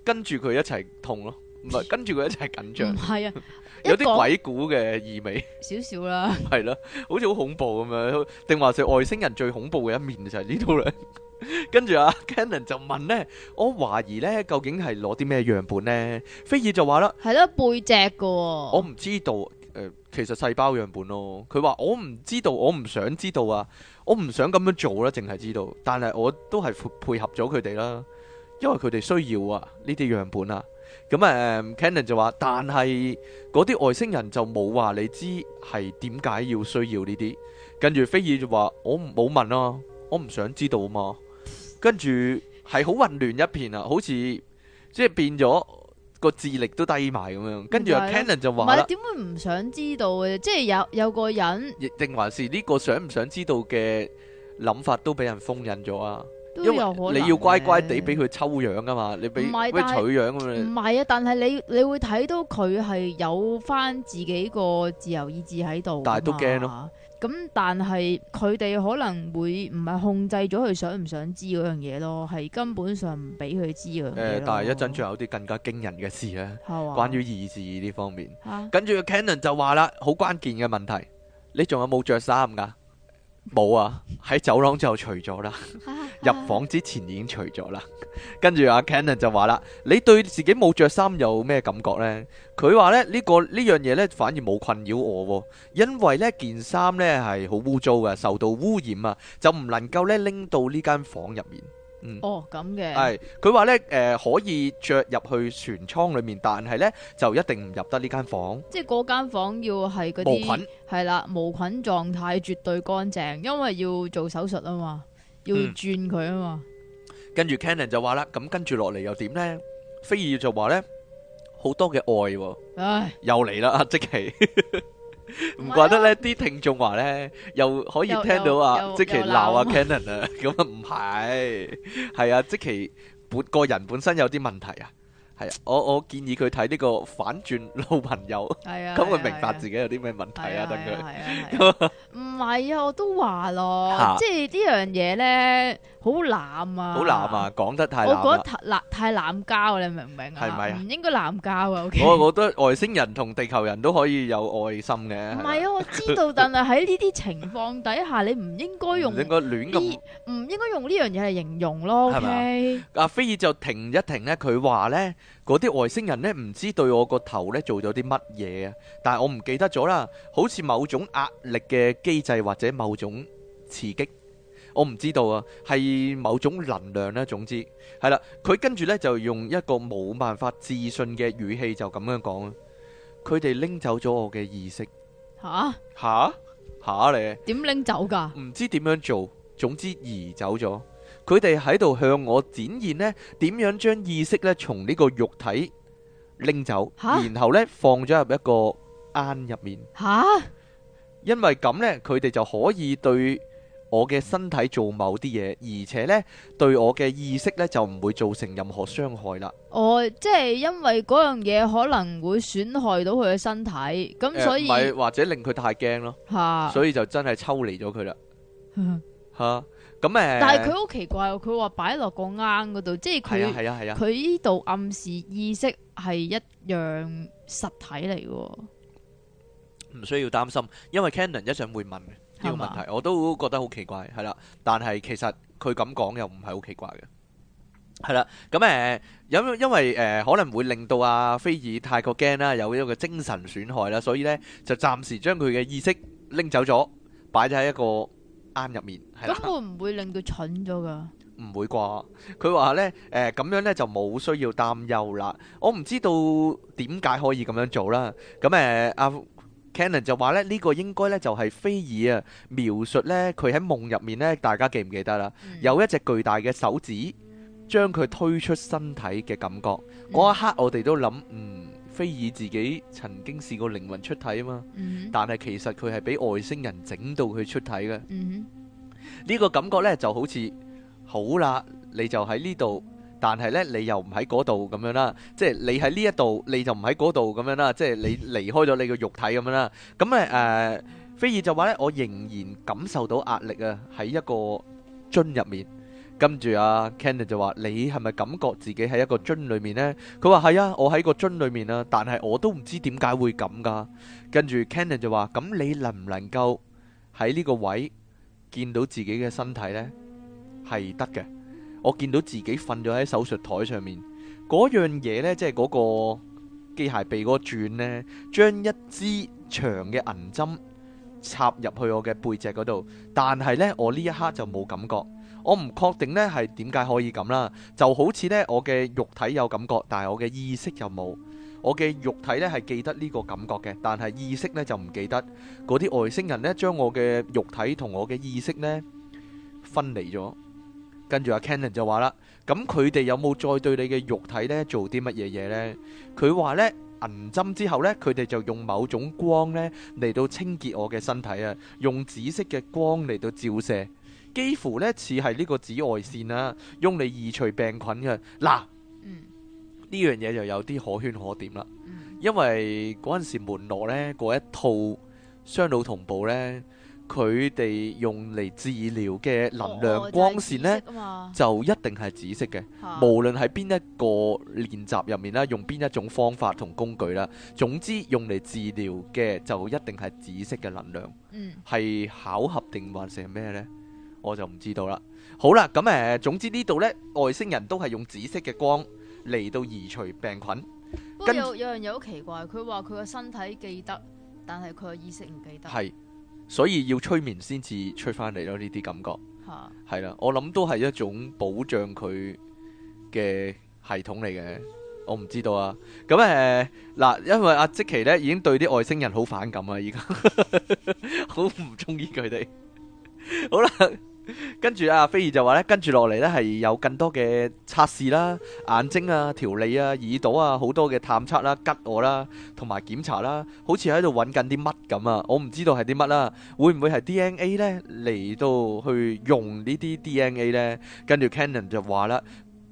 跟住佢一齊痛咯。唔係跟住佢一齊緊張，唔係啊， [laughs] 有啲鬼故嘅意味，少少啦，係咯，好似好恐怖咁樣，定話是外星人最恐怖嘅一面就係呢度啦。跟住阿 Cannon 就問咧，我懷疑咧，究竟係攞啲咩樣本咧？菲爾就話啦，係咯，背脊嘅， [laughs] 我唔知道，誒、呃，其實細胞樣本咯。佢話我唔知道，我唔想知道啊，我唔想咁樣做啦，淨係知道，但係我都係配配合咗佢哋啦，因為佢哋需要啊呢啲樣本啊。咁誒、嗯、Cannon 就話，但係嗰啲外星人就冇話你知係點解要需要呢啲。跟住，菲爾就話，我唔冇問咯、啊，我唔想知道啊嘛。跟住係好混亂一片啊，好似即係變咗個智力都低埋咁樣，跟住啊，Cannon 就話，話啦，唔係點會唔想知道嘅、啊？即係有有個人，亦定還是呢個想唔想知道嘅諗法都俾人封印咗啊？因為你要乖乖地俾佢抽樣噶嘛，你俾俾是取樣咁嘛？唔係啊，但係你你會睇到佢係有翻自己個自由意志喺度。但係都驚咯。咁但係佢哋可能會唔係控制咗佢想唔想知嗰樣嘢咯？係根本上唔俾佢知嗰樣、欸。但係一陣仲有啲更加驚人嘅事咧， [laughs] 關於意志呢方面。跟住 [laughs] Cannon 就話啦，好關鍵嘅問題，你仲有冇着衫噶？冇啊，喺走廊之後就除咗啦， [laughs] 入房之前已經除咗啦。跟住阿 Cannon 就話啦，你對自己冇着衫有咩感覺呢？這個」佢話咧呢個呢樣嘢呢，反而冇困擾我，因為呢件衫呢係好污糟嘅，受到污染啊，就唔能夠咧拎到呢間房入面。嗯、哦，咁嘅。係，佢話咧，誒、呃、可以着入去船艙裏面，但係咧就一定唔入得呢間房間。即係嗰間房間要係嗰啲。無菌係啦，無菌狀態絕對乾淨，因為要做手術啊嘛，要轉佢啊嘛。嗯、跟住 Cannon 就話啦，咁跟住落嚟又點咧？菲爾 [laughs] 就話咧，好多嘅愛喎、哦，唉又嚟啦、啊、即係。 [laughs] 唔怪得咧，啲聽眾話咧，又可以聽到啊，積奇鬧啊 Canon 啊，咁啊唔係，係啊，積奇本個人本身有啲問題啊，係 [laughs] 啊、嗯，我我建議佢睇呢個反轉老朋友，咁佢、啊、明白自己有啲咩問題啊，等佢、啊，唔係啊，我都話咯，即係哈呢樣嘢咧。好濫啊！好濫啊！講得太濫、啊、我覺得太，太濫交，你明唔明啊？係咪啊？唔應該濫交啊！Okay? 我覺得外星人同地球人都可以有愛心嘅。唔係啊！啊我知道，但係喺呢啲情況底下， [laughs] 你唔應該用唔應該亂咁，唔應該用呢樣嘢嚟形容咯，係、okay? 嘛、啊？阿菲爾就停一停咧，佢話咧嗰啲外星人咧唔知對我個頭咧做咗啲乜嘢啊，但係我唔記得咗啦，好似某種壓力嘅機制或者某種刺激。我唔知道啊，係某種能量啦。總之係啦，佢跟住呢就用一個冇辦法自信嘅語氣就咁樣講，佢哋拎走咗我嘅意識。吓吓吓你點拎走㗎？唔知點樣做，總之移走咗。佢哋喺度向我展現呢，點樣將意識呢從呢個肉體拎走，然後呢放咗入一個罌入面。吓，因為咁呢，佢哋就可以對。我嘅身體做某啲嘢，而且呢，對我嘅意識呢，就唔會造成任何傷害啦。哦，即係因為嗰樣嘢可能會損害到佢嘅身體，咁所以，呃、或者令佢太驚咯，哈所以就真係抽離咗佢啦，吓， [laughs] 啊，咁誒。呃、但係佢好奇怪，哦，佢話擺落個啱嗰度，即係佢係啊係啊，佢呢度暗示意識係一樣實體嚟嘅，唔需要擔心，因為 Cannon 一上會問呢個問題我都覺得好奇怪，係啦。但係其實佢咁講又唔係好奇怪嘅，係啦。咁誒，有因為誒可能會令到阿菲爾太過驚啦，有呢個精神損害啦，所以咧就暫時將佢嘅意識拎走咗，擺咗喺一個巖入面。咁會唔會令佢蠢咗㗎？唔會啩？佢話咧誒，咁樣咧就冇需要擔憂啦。我唔知道點解可以咁樣做啦。咁誒阿。Canon 就話咧，呢、呢個應該咧就係菲爾啊描述咧佢喺夢入面咧，大家記唔記得啦？Mm hmm. 有一隻巨大嘅手指將佢推出身體嘅感覺，嗰、mm hmm. 一刻我哋都諗，嗯，菲爾自己曾經試過靈魂出體啊嘛，mm hmm. 但係其實佢係俾外星人整到佢出體嘅。呢、mm hmm. 個感覺咧就好似好啦，你就喺呢度。但係咧，你又唔喺嗰度咁樣啦，即係你喺呢一度，你就唔喺嗰度咁樣啦，即係你離開咗你個肉體咁樣啦。咁咧誒，菲爾就話咧，我仍然感受到壓力啊，喺一個樽入面。跟住啊，Cannon 就話：你係咪感覺自己喺一個樽裏面呢？佢話：係啊，我喺個樽裏面啊，但係我都唔知點解會咁噶。跟住 Cannon 就話：咁你能唔能夠喺呢個位見到自己嘅身體呢？係得嘅。我見到自己瞓咗喺手術台上面，嗰樣嘢咧，即係嗰個機械臂嗰個轉咧，將一支長嘅銀針插入去我嘅背脊嗰度，但係咧，我呢一刻就冇感覺，我唔確定咧係點解可以咁啦，就好似咧我嘅肉體有感覺，但係我嘅意識又冇，我嘅肉體咧係記得呢個感覺嘅，但係意識咧就唔記得，嗰啲外星人咧將我嘅肉體同我嘅意識咧分離咗。跟住阿 Cannon 就話啦，咁佢哋有冇再對你嘅肉體呢做啲乜嘢嘢呢？佢話呢，銀針之後呢，佢哋就用某種光呢嚟到清潔我嘅身體啊，用紫色嘅光嚟到照射，幾乎呢似係呢個紫外線啦、啊，用嚟移除病菌嘅。嗱，呢、嗯、樣嘢就有啲可圈可點啦，因為嗰陣時門羅咧嗰一套雙腦同步呢。佢哋用嚟治療嘅能量、哦、光線呢，就，就一定係紫色嘅。啊、無論係邊一個練習入面啦，用邊一種方法同工具啦，總之用嚟治療嘅就一定係紫色嘅能量。嗯，係巧合定還是咩呢？我就唔知道啦。好啦，咁、嗯、誒，總之呢度呢，外星人都係用紫色嘅光嚟到移除病菌。不過有著有人有好奇怪，佢話佢個身體記得，但係佢個意識唔記得。係。所以要催眠先至吹翻嚟咯，呢啲感覺係啦哈，我諗都係一種保障佢嘅系統嚟嘅，我唔知道啊。咁誒嗱，因為阿即奇咧已經對啲外星人好反感啊，而家 [laughs] [laughs] 好唔中意佢哋。好啦。 [laughs] 跟住阿、啊、菲兒就話咧，跟住落嚟咧係有更多嘅測試啦，眼睛啊、條脷啊、耳朵啊，好多嘅探測啦、吉我啦，同埋檢查啦，好似喺度揾緊啲乜咁啊！我唔知道係啲乜啦，會唔會係 DNA 呢？嚟到去用呢啲 DNA 呢？跟住 Canon 就話啦。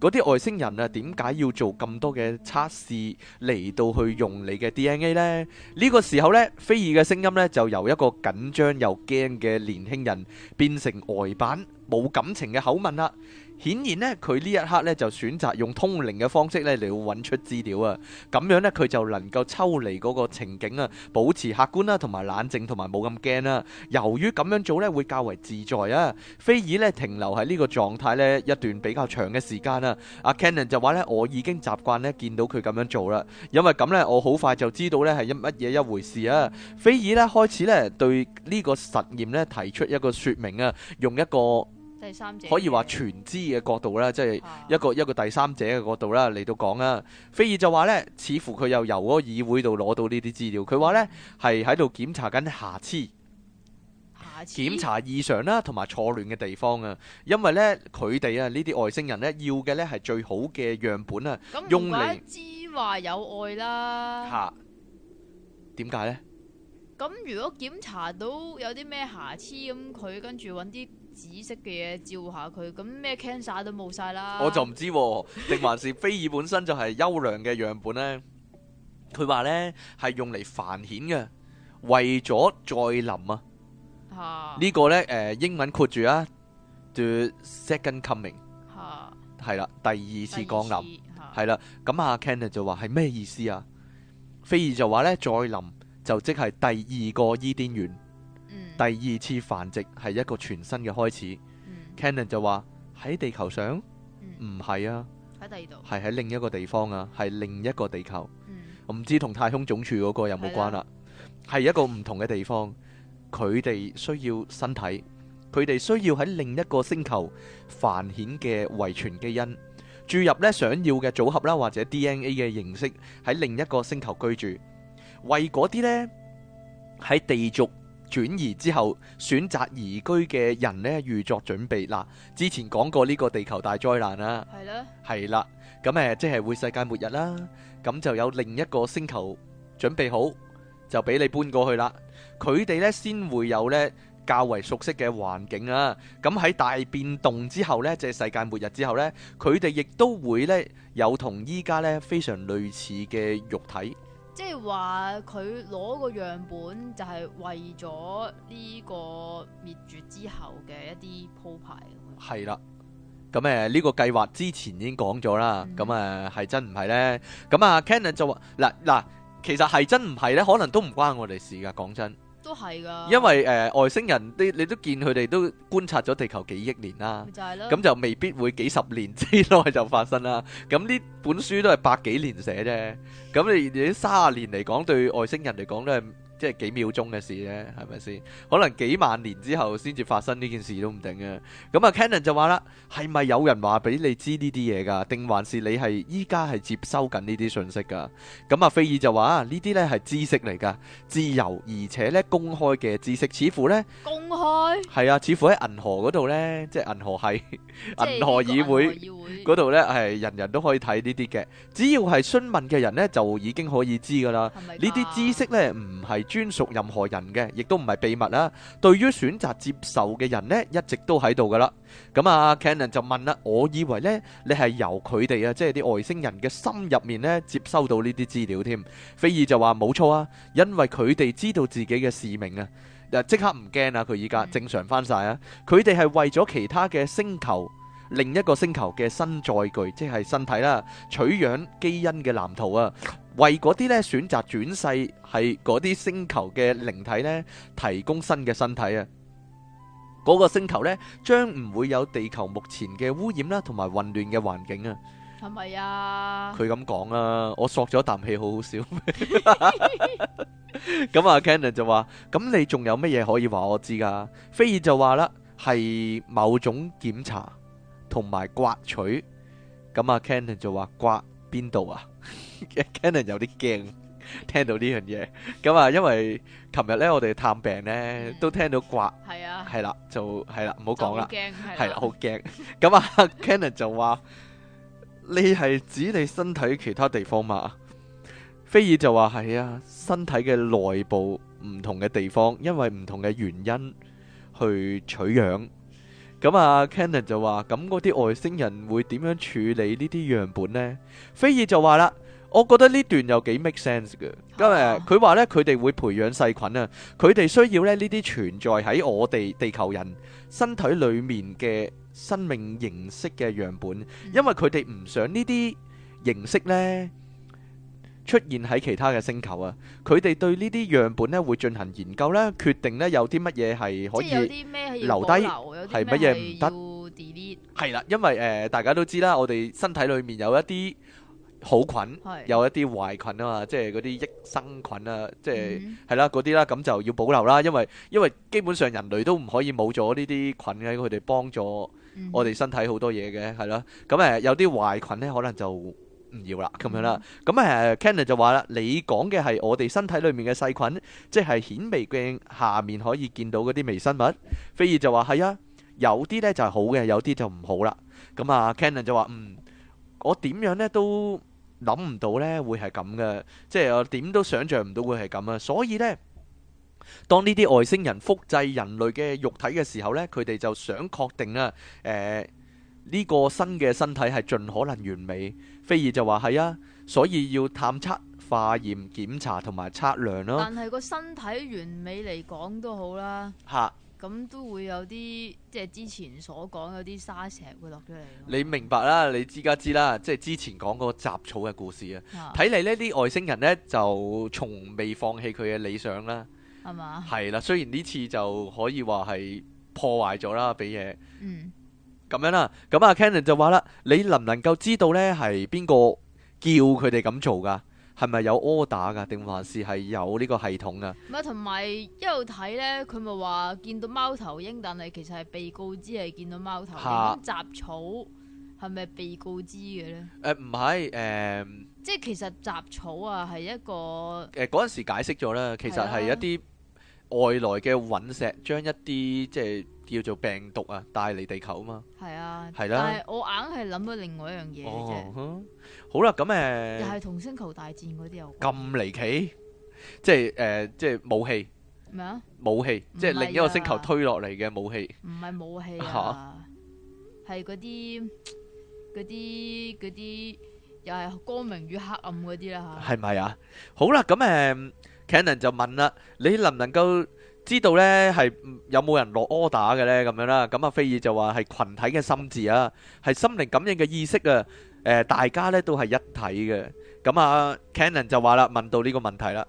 嗰啲外星人啊，點解要做咁多嘅測試嚟到去用你嘅 DNA 呢？呢、呢個時候呢，菲爾嘅聲音呢，就由一個緊張又驚嘅年輕人變成呆板冇感情嘅口吻啦。顯然呢佢呢一刻呢，就選擇用通靈嘅方式呢嚟去揾出資料啊。咁樣呢，佢就能夠抽離嗰個情景啊，保持客觀啦，同埋冷靜，同埋冇咁驚啦。由於咁樣做呢，會較為自在啊。菲爾呢，停留喺呢個狀態呢一段比較長嘅時間啊。阿 Cannon 就話呢，「我已經習慣呢，見到佢咁樣做啦，因為咁呢，我好快就知道呢係一乜嘢一回事啊。」菲爾呢，開始呢，對呢個實驗呢，提出一個説明啊，用一個，第三者可以話全知嘅角度啦，即係一個，啊，一個第三者嘅角度啦，嚟到講啦。菲爾就話呢，似乎佢又由嗰個議會度攞到呢啲資料，佢話呢，係喺度檢查緊瑕疵，檢查異常啦，同埋錯亂嘅地方啊。因為呢，佢哋啊呢啲外星人呢，要嘅呢係最好嘅樣本啊，用嚟知話有愛啦。吓？點解呢？咁如果檢查到有啲咩瑕疵，咁佢跟住揾啲。紫色嘅嘢照下佢，咁咩 cancer 都冇晒啦。我就唔知、啊，定還是菲爾本身就係優良嘅樣本咧。佢話咧係用嚟繁衍嘅，為咗再臨啊。嚇哈！呢個咧誒英文括住啊，the second coming 嚇，係啦哈，第二次降臨，係啦。咁阿 Candice 就話係咩意思啊？菲爾就話咧再臨就即係第二個伊甸園。第二次繁殖係一個全新嘅開始。嗯、Cannon 就話喺地球上唔係、嗯、啊，喺第二度係喺另一個地方啊，係另一個地球。我唔、嗯、知同太空總署嗰個有冇關啦？係的一個唔同嘅地方，佢哋需要身體，佢哋需要喺另一個星球繁衍嘅遺傳基因，注入呢想要嘅組合啦，或者 DNA 嘅形式喺另一個星球居住，為嗰啲呢，喺地族。轉移之後選擇移居嘅人咧，預作準備嗱。之前講過呢個地球大災難啦、啊，係啦係啦，咁誒即係會世界末日啦。咁就有另一個星球準備好，就俾你搬過去啦。佢哋咧先會有咧較為熟悉嘅環境啊。咁喺大變動之後咧，即係世界末日之後咧，佢哋亦都會咧有同依家咧非常類似嘅肉體。即係話佢攞個樣本，就係為咗呢個滅絕之後嘅一啲鋪排。係 [noise] 啦，咁誒呢個計劃之前已經講咗啦，咁誒係真唔係咧？咁啊 Cannon 就話：嗱嗱、嗯嗯，其實係真唔係咧？可能都唔關我哋事噶，講真。都係噶，因為誒、呃、外星人都你，你都見佢哋都觀察咗地球幾億年啦，咁就，係就未必會幾十年之內就發生啦。咁呢本書都係百幾年寫啫，咁你而家三十年嚟講對外星人嚟講都係。即係幾秒鐘嘅事啫，係咪先？可能幾萬年之後先至發生呢件事都唔定嘅。咁啊，Cannon 就話啦：係咪有人話俾你知呢啲嘢㗎？定還是你係依家係接收緊呢啲信息㗎？咁啊，飛爾就話啊：呢啲咧係知識嚟㗎，自由而且咧公開嘅知識，似乎咧公開係啊，似乎喺銀河嗰度咧，即係銀河係銀河議會嗰度咧，係人人都可以睇呢啲嘅。只要係詢問嘅人咧，就已經可以知㗎啦。呢啲知識咧唔係，專屬任何人嘅，亦都唔係秘密啦。對於選擇接受嘅人咧，一直都喺度噶啦。咁啊，Cannon 就問啦，我以為咧，你係由佢哋啊，即係啲外星人嘅心入面咧，接收到呢啲資料添。菲爾就話冇錯啊，因為佢哋知道自己嘅使命啊，嗱，即刻唔驚啦，佢依家正常翻晒啊。佢哋係為咗其他嘅星球，另一個星球嘅新載具，即係身體啦，取樣基因嘅藍圖啊。為嗰啲咧，選擇轉世係嗰啲星球嘅靈體咧，提供新嘅身體啊！嗰個星球咧，將唔會有地球目前嘅污染啦，同埋混亂嘅環境啊！係咪啊？佢咁講啊！我嗦咗啖氣，好好笑。咁啊，Cannon 就話：咁你仲有乜嘢可以話我知噶？菲爾就話啦，係某種檢查同埋刮取。咁啊，Cannon 就話刮。邊度啊？Cannon 有啲驚，聽到呢樣嘢。咁啊，因為琴日咧，我哋探病咧，都聽到刮，係啊，係啦，就係啦，唔好講啦，係啦，好驚，咁啊，Cannon 就話，你係指你身體其他地方嘛？菲爾就話係啊，身體嘅內部唔同嘅地方，因為唔同嘅原因去取樣。咁啊 Cannon 就話：咁嗰啲外星人會點樣處理呢啲樣本呢？菲爾就話啦：，我覺得呢段又幾 make sense 嘅。咁誒，佢話咧，佢、huh. 哋會培養細菌啊，佢哋需要咧呢啲存在喺我哋地球人身體裡面嘅生命形式嘅樣本，因為佢哋唔想呢啲形式呢。出現喺其他嘅星球啊！佢哋對呢啲樣本咧會進行研究咧，決定咧有啲乜嘢係可以留低，係乜嘢唔得？係啦，因為誒、呃、大家都知啦，我哋身體裏面有一啲好菌，是有一啲壞菌啊嘛，即係嗰啲益生菌啊，即係係啦嗰啲啦，咁、mm hmm. 就要保留啦，因為因為基本上人類都唔可以冇咗呢啲菌，喺佢哋幫助我哋身體好多嘢嘅，係咯、mm。咁、hmm. 誒有啲壞菌咧，可能就～唔要啦，咁樣啦。咁誒，Cannon 就話啦，你講嘅係我哋身體裏面嘅細菌，即係顯微鏡下面可以見到嗰啲微生物。菲爾就話係啊，有啲呢就係、是、好嘅，有啲就唔好啦。咁啊，Cannon 就話嗯，我點樣呢都諗唔到呢會係咁嘅，即係我點都想像唔到會係咁啊。所以呢，當呢啲外星人複製人類嘅肉體嘅時候呢，佢哋就想確定啊，誒、呃。呢個新嘅身體係盡可能完美，菲爾就話係啊，所以要探測、化驗、檢查同埋測量咯。但係個身體完美嚟講都好啦，吓哈，咁都會有啲即係之前所講有啲沙石會落出嚟。你明白啦，嗯、你知家知啦，即係之前講嗰個雜草嘅故事啊。睇嚟呢啲外星人呢，就從未放棄佢嘅理想啦，係嘛吧？係啦，雖然呢次就可以話係破壞咗啦，俾嘢。嗯。咁樣啦，咁啊 Cannon 就話啦，你能唔能夠知道咧係邊個叫佢哋咁做噶？係咪有柯打噶？定還是係有呢個系統噶？咪同埋一路睇咧，佢咪話見到貓頭鷹，但係其實係被告知係見到貓頭鷹，雜草係咪被告知嘅咧？誒唔係誒，即係其實雜草啊係一個誒嗰陣時解釋咗啦，其實係一啲外來嘅隕石將一啲即係。叫做病毒啊，帶嚟地球啊嘛，係啊，係啦，但係我硬係諗到另外一樣嘢嘅啫。好啦，咁誒，又係同星球大戰嗰啲有關。咁離奇，即係誒，即係武器咩啊？武器，即係另一個星球推落嚟嘅武器。唔係武器啊，係嗰啲嗰啲嗰啲，又係光明與黑暗嗰啲啦嚇。係咪啊？好啦，咁誒，Cannon 就問啦，你能唔能夠？知道呢，係有冇人落 order 嘅呢咁樣啦，咁啊飛爾就話係羣體嘅心智啊，係心靈感應嘅意識啊，誒大家呢都係一體嘅，咁啊 Cannon 就話啦，問到呢個問題啦，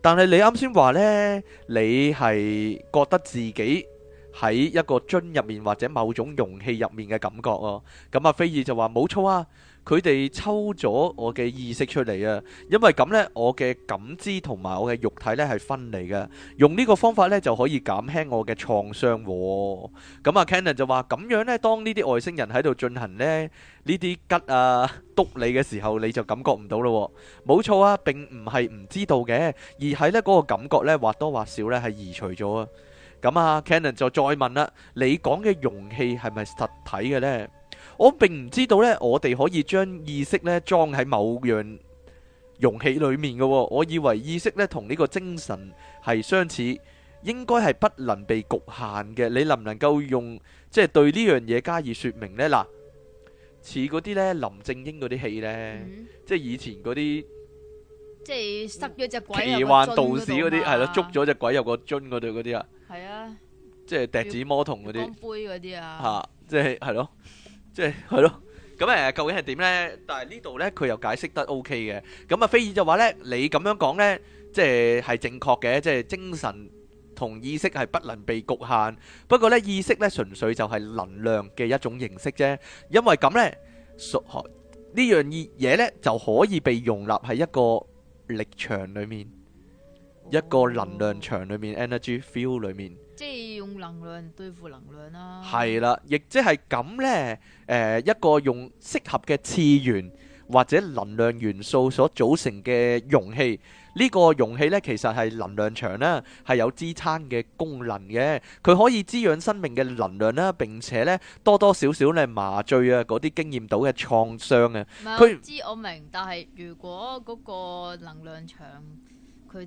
但係你啱先話呢，你係覺得自己喺一個樽入面或者某種容器入面嘅感覺哦，咁啊飛爾就話冇錯啊。佢哋抽咗我嘅意識出嚟啊！因為咁呢，我嘅感知同埋我嘅肉體呢係分離嘅。用呢個方法呢，就可以減輕我嘅創傷。咁、嗯、啊，Cannon 就話：咁樣呢，當呢啲外星人喺度進行呢呢啲吉啊篤你嘅時候，你就感覺唔到咯。冇錯啊，並唔係唔知道嘅，而係呢嗰、那個感覺呢，或多或少呢係移除咗啊。咁、嗯、啊，Cannon 就再問啦：你講嘅容器係咪實體嘅呢？」我並唔知道呢，我哋可以將意識呢裝喺某樣容器裏面嘅、哦。我以為意識呢同呢個精神係相似，應該係不能被局限嘅。你能唔能夠用即係、就是、對呢樣嘢加以說明呢？嗱，似嗰啲呢，林正英嗰啲戲呢，嗯、即係以前嗰啲，即係塞咗隻鬼奇幻道士嗰啲，係咯、嗯，捉咗隻鬼入個樽嗰度嗰啲啊，係啊，即係笛子魔童嗰啲，杯嗰啲啊，吓，即係係咯。即係係咯，咁誒究竟係點咧？但係呢度咧，佢又解釋得 O K 嘅。咁啊，菲爾就話咧，你咁樣講咧，即係係正確嘅，即係精神同意識係不能被局限。不過咧，意識咧純粹就係能量嘅一種形式啫，因為咁咧，所以呢樣嘢咧就可以被容納喺一個力場裡面，一個能量場裡面，energy field 裡面。即係用能量對付能量啦，係啦，亦即係咁呢。誒，一個用適合嘅次元或者能量元素所組成嘅容器，呢個容器呢，其實係能量場啦，係有支撐嘅功能嘅。佢可以滋養生命嘅能量啦，並且呢，多多少少呢，麻醉啊嗰啲經驗到嘅創傷啊。唔係，我知我明，但係如果嗰個能量場佢。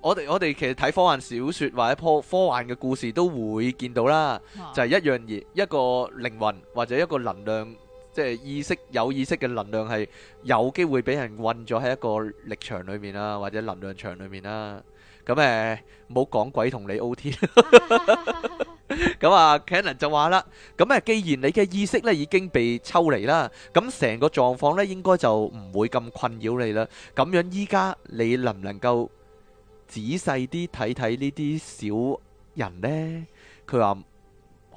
我哋我哋其實睇科幻小說或者一樖科幻嘅故事都會見到啦，就係一樣嘢，一個靈魂或者一個能量，即係意識有意識嘅能量係有機會俾人困咗喺一個力場裏面啦，或者能量場裏面啦。咁誒，唔好講鬼同你傲天。咁啊，Ken 就話啦，咁誒，既然你嘅意識咧已經被抽離啦，咁成個狀況咧應該就唔會咁困擾你啦。咁樣依家你能唔能夠？仔細啲睇睇呢啲小人咧，佢話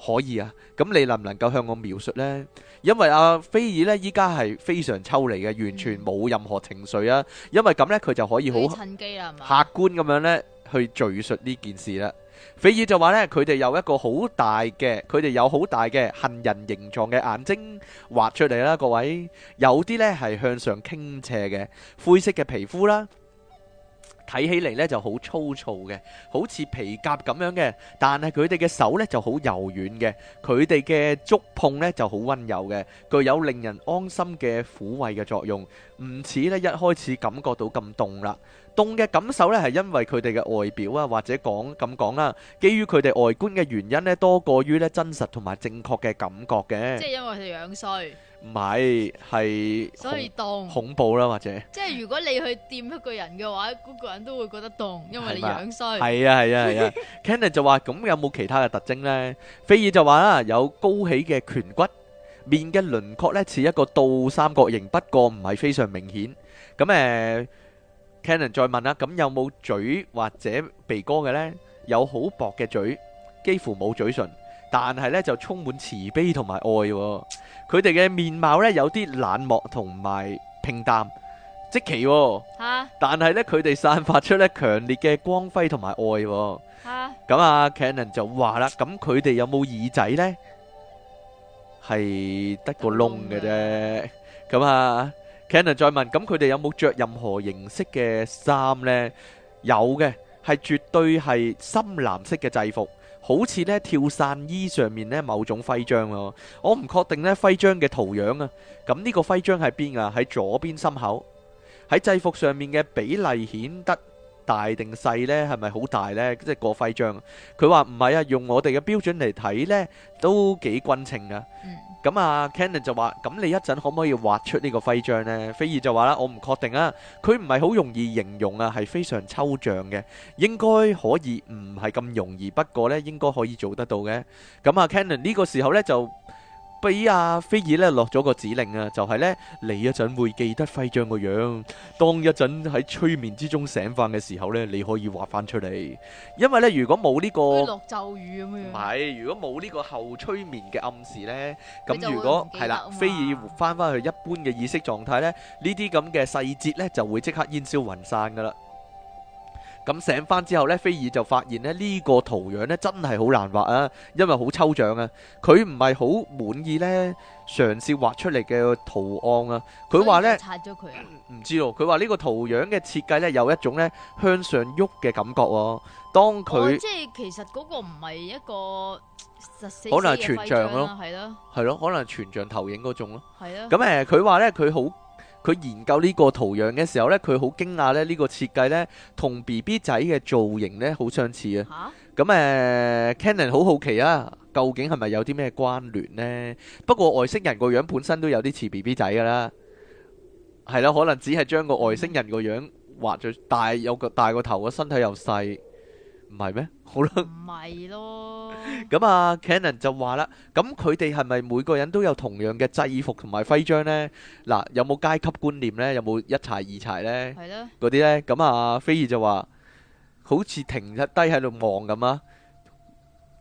可以啊，咁你能唔能夠向我描述咧？因為啊，菲爾咧依家係非常抽離嘅，完全冇任何情緒啊。因為咁咧，佢就可以好客觀咁樣咧去敘述呢件事啦。菲爾就話咧，佢哋有一個好大嘅，佢哋有好大嘅杏仁形狀嘅眼睛畫出嚟啦，各位。有啲咧係向上傾斜嘅灰色嘅皮膚啦。睇起嚟咧就好粗糙嘅，好似皮甲咁樣嘅。但係佢哋嘅手咧就好柔軟嘅，佢哋嘅觸碰咧就好溫柔嘅，具有令人安心嘅撫慰嘅作用。唔似咧一開始感覺到咁凍啦。凍嘅感受咧係因為佢哋嘅外表啊，或者講咁講啦，基於佢哋外觀嘅原因咧，多過於咧真實同埋正確嘅感覺嘅。即係因為佢哋樣衰。唔係，係所以凍恐怖啦，或者即係如果你去掂一個人嘅話，嗰個人都會覺得凍，因為你樣衰。係啊係啊係啊，Cannon 就話：咁有冇其他嘅特徵呢？菲爾就話啦：有高起嘅顴骨，面嘅輪廓呢似一個倒三角形，不過唔係非常明顯。咁誒，Cannon 再問啦：咁有冇嘴或者鼻哥嘅呢？有好薄嘅嘴，幾乎冇嘴唇。但係咧就充滿慈悲同埋愛，佢哋嘅面貌咧有啲冷漠同埋平淡，即奇。嚇！但係咧佢哋散發出咧強烈嘅光輝同埋愛。嚇！咁啊，Cannon 就話啦，咁佢哋有冇耳仔咧？係得個窿嘅啫。咁啊，Cannon 再問，咁佢哋有冇著任何形式嘅衫咧？有嘅，係絕對係深藍色嘅制服。好似呢跳傘衣上面呢某種徽章咯，我唔確定呢徽章嘅圖樣啊。咁呢個徽章喺邊啊？喺左邊心口，喺制服上面嘅比例顯得。大定細呢，係咪好大呢？即係個徽章。佢話唔係啊，用我哋嘅標準嚟睇呢，都幾均稱啊。咁啊，Cannon 就話，咁你一陣可唔可以畫出呢個徽章呢？菲爾就話啦，我唔確定啊。佢唔係好容易形容啊，係非常抽象嘅，應該可以，唔係咁容易，不過呢，應該可以做得到嘅。咁啊，Cannon 呢個時候呢就，俾阿菲爾咧落咗個指令啊，就係、是、咧你一陣會，會記得徽章個樣，當一陣喺催眠之中醒翻嘅時候咧，你可以畫翻出嚟。因為咧如果冇呢個，落咒語咁樣。唔係，如果冇呢、這個、個後催眠嘅暗示咧，咁如果係啦，嗯、菲爾翻翻去一般嘅意識狀態咧，這這呢啲咁嘅細節咧就會即刻煙消雲散噶啦。咁醒翻之後咧，菲爾就發現咧呢個圖樣咧真係好難畫啊，因為好抽象啊。佢唔係好滿意咧嘗試畫出嚟嘅圖案啊。佢話咧，拆咗佢。唔知咯。佢話呢個圖樣嘅設計咧有一種咧向上喐嘅感覺。當佢即係其實嗰個唔係一個實。可能係全像咯。係咯。係咯，可能係全像投影嗰種咯。係咯。咁誒，佢話咧佢好。佢研究呢個圖樣嘅時候驚訝呢佢好驚訝咧，呢個設計呢同 BB 仔嘅造型呢好相似啊！咁誒、呃、Cannon 好好奇啊，究竟係咪有啲咩關聯呢？不過外星人個樣本身都有啲似 BB 仔㗎啦，係啦，可能只係將個外星人個樣畫咗大，有個大個頭，個身體又細。唔係咩？好啦，唔係咯。咁啊，Canon 就話啦，咁佢哋係咪每個人都有同樣嘅制服同埋徽章咧？嗱，有冇階級觀念咧？有冇一齊二齊咧？係咯。嗰啲咧，咁啊，菲爾就話，好似停一低喺度望咁啊，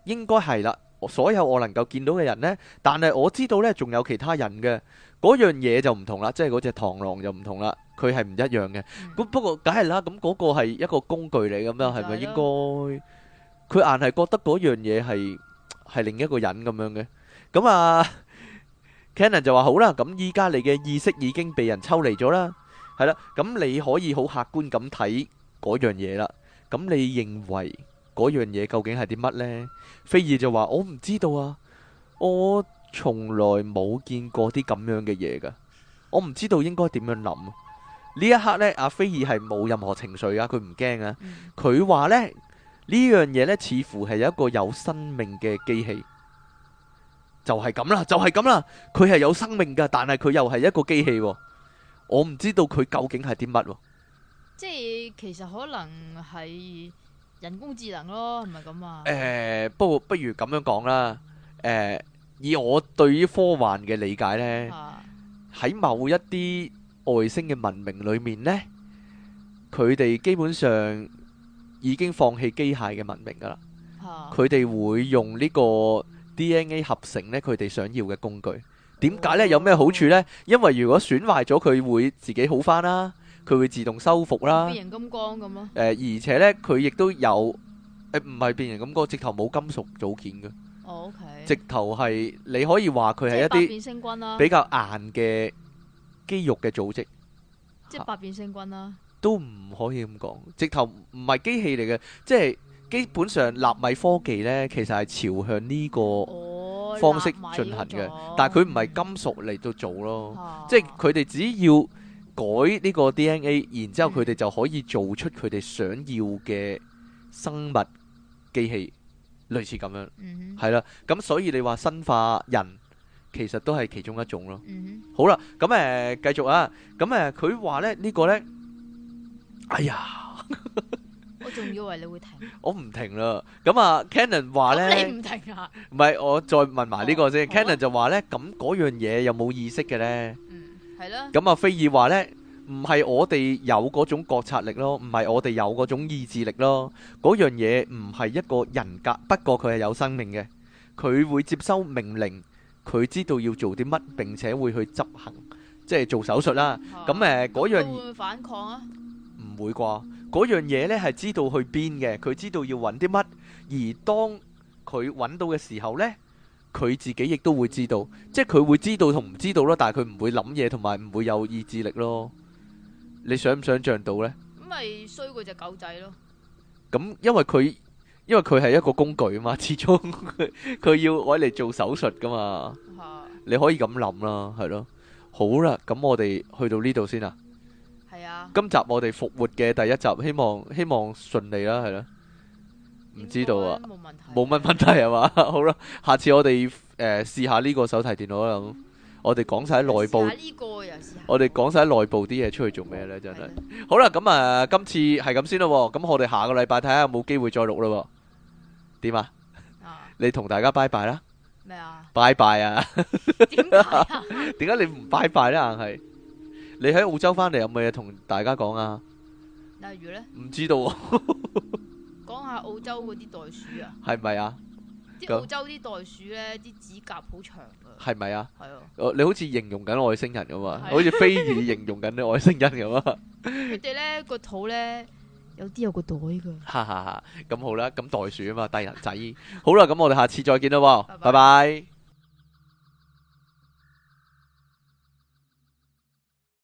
應該係啦。所有我能夠見到嘅人咧，但係我知道咧，仲有其他人嘅嗰樣嘢就唔同啦，即係嗰隻螳螂就唔同啦。佢係唔一樣嘅，咁不過梗係啦，咁嗰個係一個工具嚟咁樣，係咪應該？佢硬係覺得嗰樣嘢係係另一個人咁樣嘅，咁啊，Cannon 就話好啦，咁依家你嘅意識已經被人抽離咗啦，係啦，咁你可以好客觀咁睇嗰樣嘢啦，咁你認為嗰樣嘢究竟係啲乜呢？菲爾就話：我唔知道啊，我從來冇見過啲咁樣嘅嘢㗎，我唔知道應該點樣諗。呢一刻呢，阿菲爾係冇任何情緒噶，佢唔驚啊！佢話呢呢樣嘢呢，似乎係一個有生命嘅機器，就係咁啦，就係咁啦，佢係有生命噶，但係佢又係一個機器，我唔知道佢究竟係啲乜。即係其實可能係人工智能咯，係咪咁啊？誒，不過不如咁樣講啦。誒，以我對於科幻嘅理解呢，喺某一啲，外星嘅文明裏面咧，佢哋基本上已經放棄機械嘅文明噶啦。佢哋會用呢個 DNA 合成咧，佢哋想要嘅工具。點解咧？有咩好處咧？因為如果損壞咗，佢會自己好返啦，佢會自動修復啦。變形金剛咁咯。誒，而且咧，佢亦都有誒，唔係變形金剛，直頭冇金屬組件噶。哦，佢。直頭係，你可以話佢係一啲變星君啦，比較硬嘅。肌肉嘅組織，即係百變星君啦、啊啊，都唔可以咁講，直頭唔係機器嚟嘅，即係基本上納米科技呢，其實係朝向呢個方式進行嘅，哦、但係佢唔係金屬嚟到做咯，啊、即係佢哋只要改呢個 DNA，然之後佢哋就可以做出佢哋想要嘅生物機器，嗯、哼類似咁樣，係啦、嗯哼，咁所以你話生化人。其實都係其中一種咯。好啦，咁誒，繼續啊。咁誒，佢話咧呢個咧，哎呀，我仲以為你會停，我唔停啦。咁啊，Cannon 話咧，你唔停啊？唔係，我再問埋呢個先。Cannon 就話咧，咁嗰樣嘢有冇意識嘅咧？嗯，係咯。咁啊，菲爾話咧，唔係我哋有嗰種覺察力咯，唔係我哋有嗰種意志力咯。嗰樣嘢唔係一個人格，不過佢係有生命嘅，佢會接收命令。佢知道要做啲乜，並且會去執行，即係做手術啦。咁誒，嗰樣會唔會反抗啊？唔會啩？嗰樣嘢咧，係知道去邊嘅，佢知道要揾啲乜，而當佢揾到嘅時候咧，佢自己亦都會知道，即係佢會知道同唔知道咯。但係佢唔會諗嘢，同埋唔會有意志力咯。你想唔想像到咧？咁咪衰過隻狗仔咯。咁因為佢。因為佢係一個工具啊嘛，始終佢要我嚟做手術噶嘛，啊、你可以咁諗啦，係咯，好啦，咁我哋去到呢度先啦，係啊的，今集我哋復活嘅第一集，希望希望順利啦，係咯，唔知道啊，冇問題，冇乜問題係嘛？好啦，下次我哋誒試下呢個手提電腦啦，嗯、我哋講晒內部，我哋講晒內部啲嘢，出去做咩呢？真係，的好啦，咁啊今次係咁先咯，咁我哋下個禮拜睇下有冇機會再錄咯。點啊！你同大家拜拜啦！咩啊？拜拜啊！點解？點解你唔拜拜咧？硬係你喺澳洲翻嚟有冇嘢同大家講啊？例如咧？唔知道。講下澳洲嗰啲袋鼠啊？係咪啊？啲澳洲啲袋鼠咧，啲指甲好長噶。係咪啊？係哦。哦，你好似形容緊外星人咁嘛？好似飛魚形容緊啲外星人咁啊！佢哋咧個肚咧。有啲有個袋㗎， [laughs] 哈哈哈！咁好啦，咁袋鼠啊嘛，大 [laughs] 人仔。好啦，咁我哋下次再見啦，拜拜。拜拜。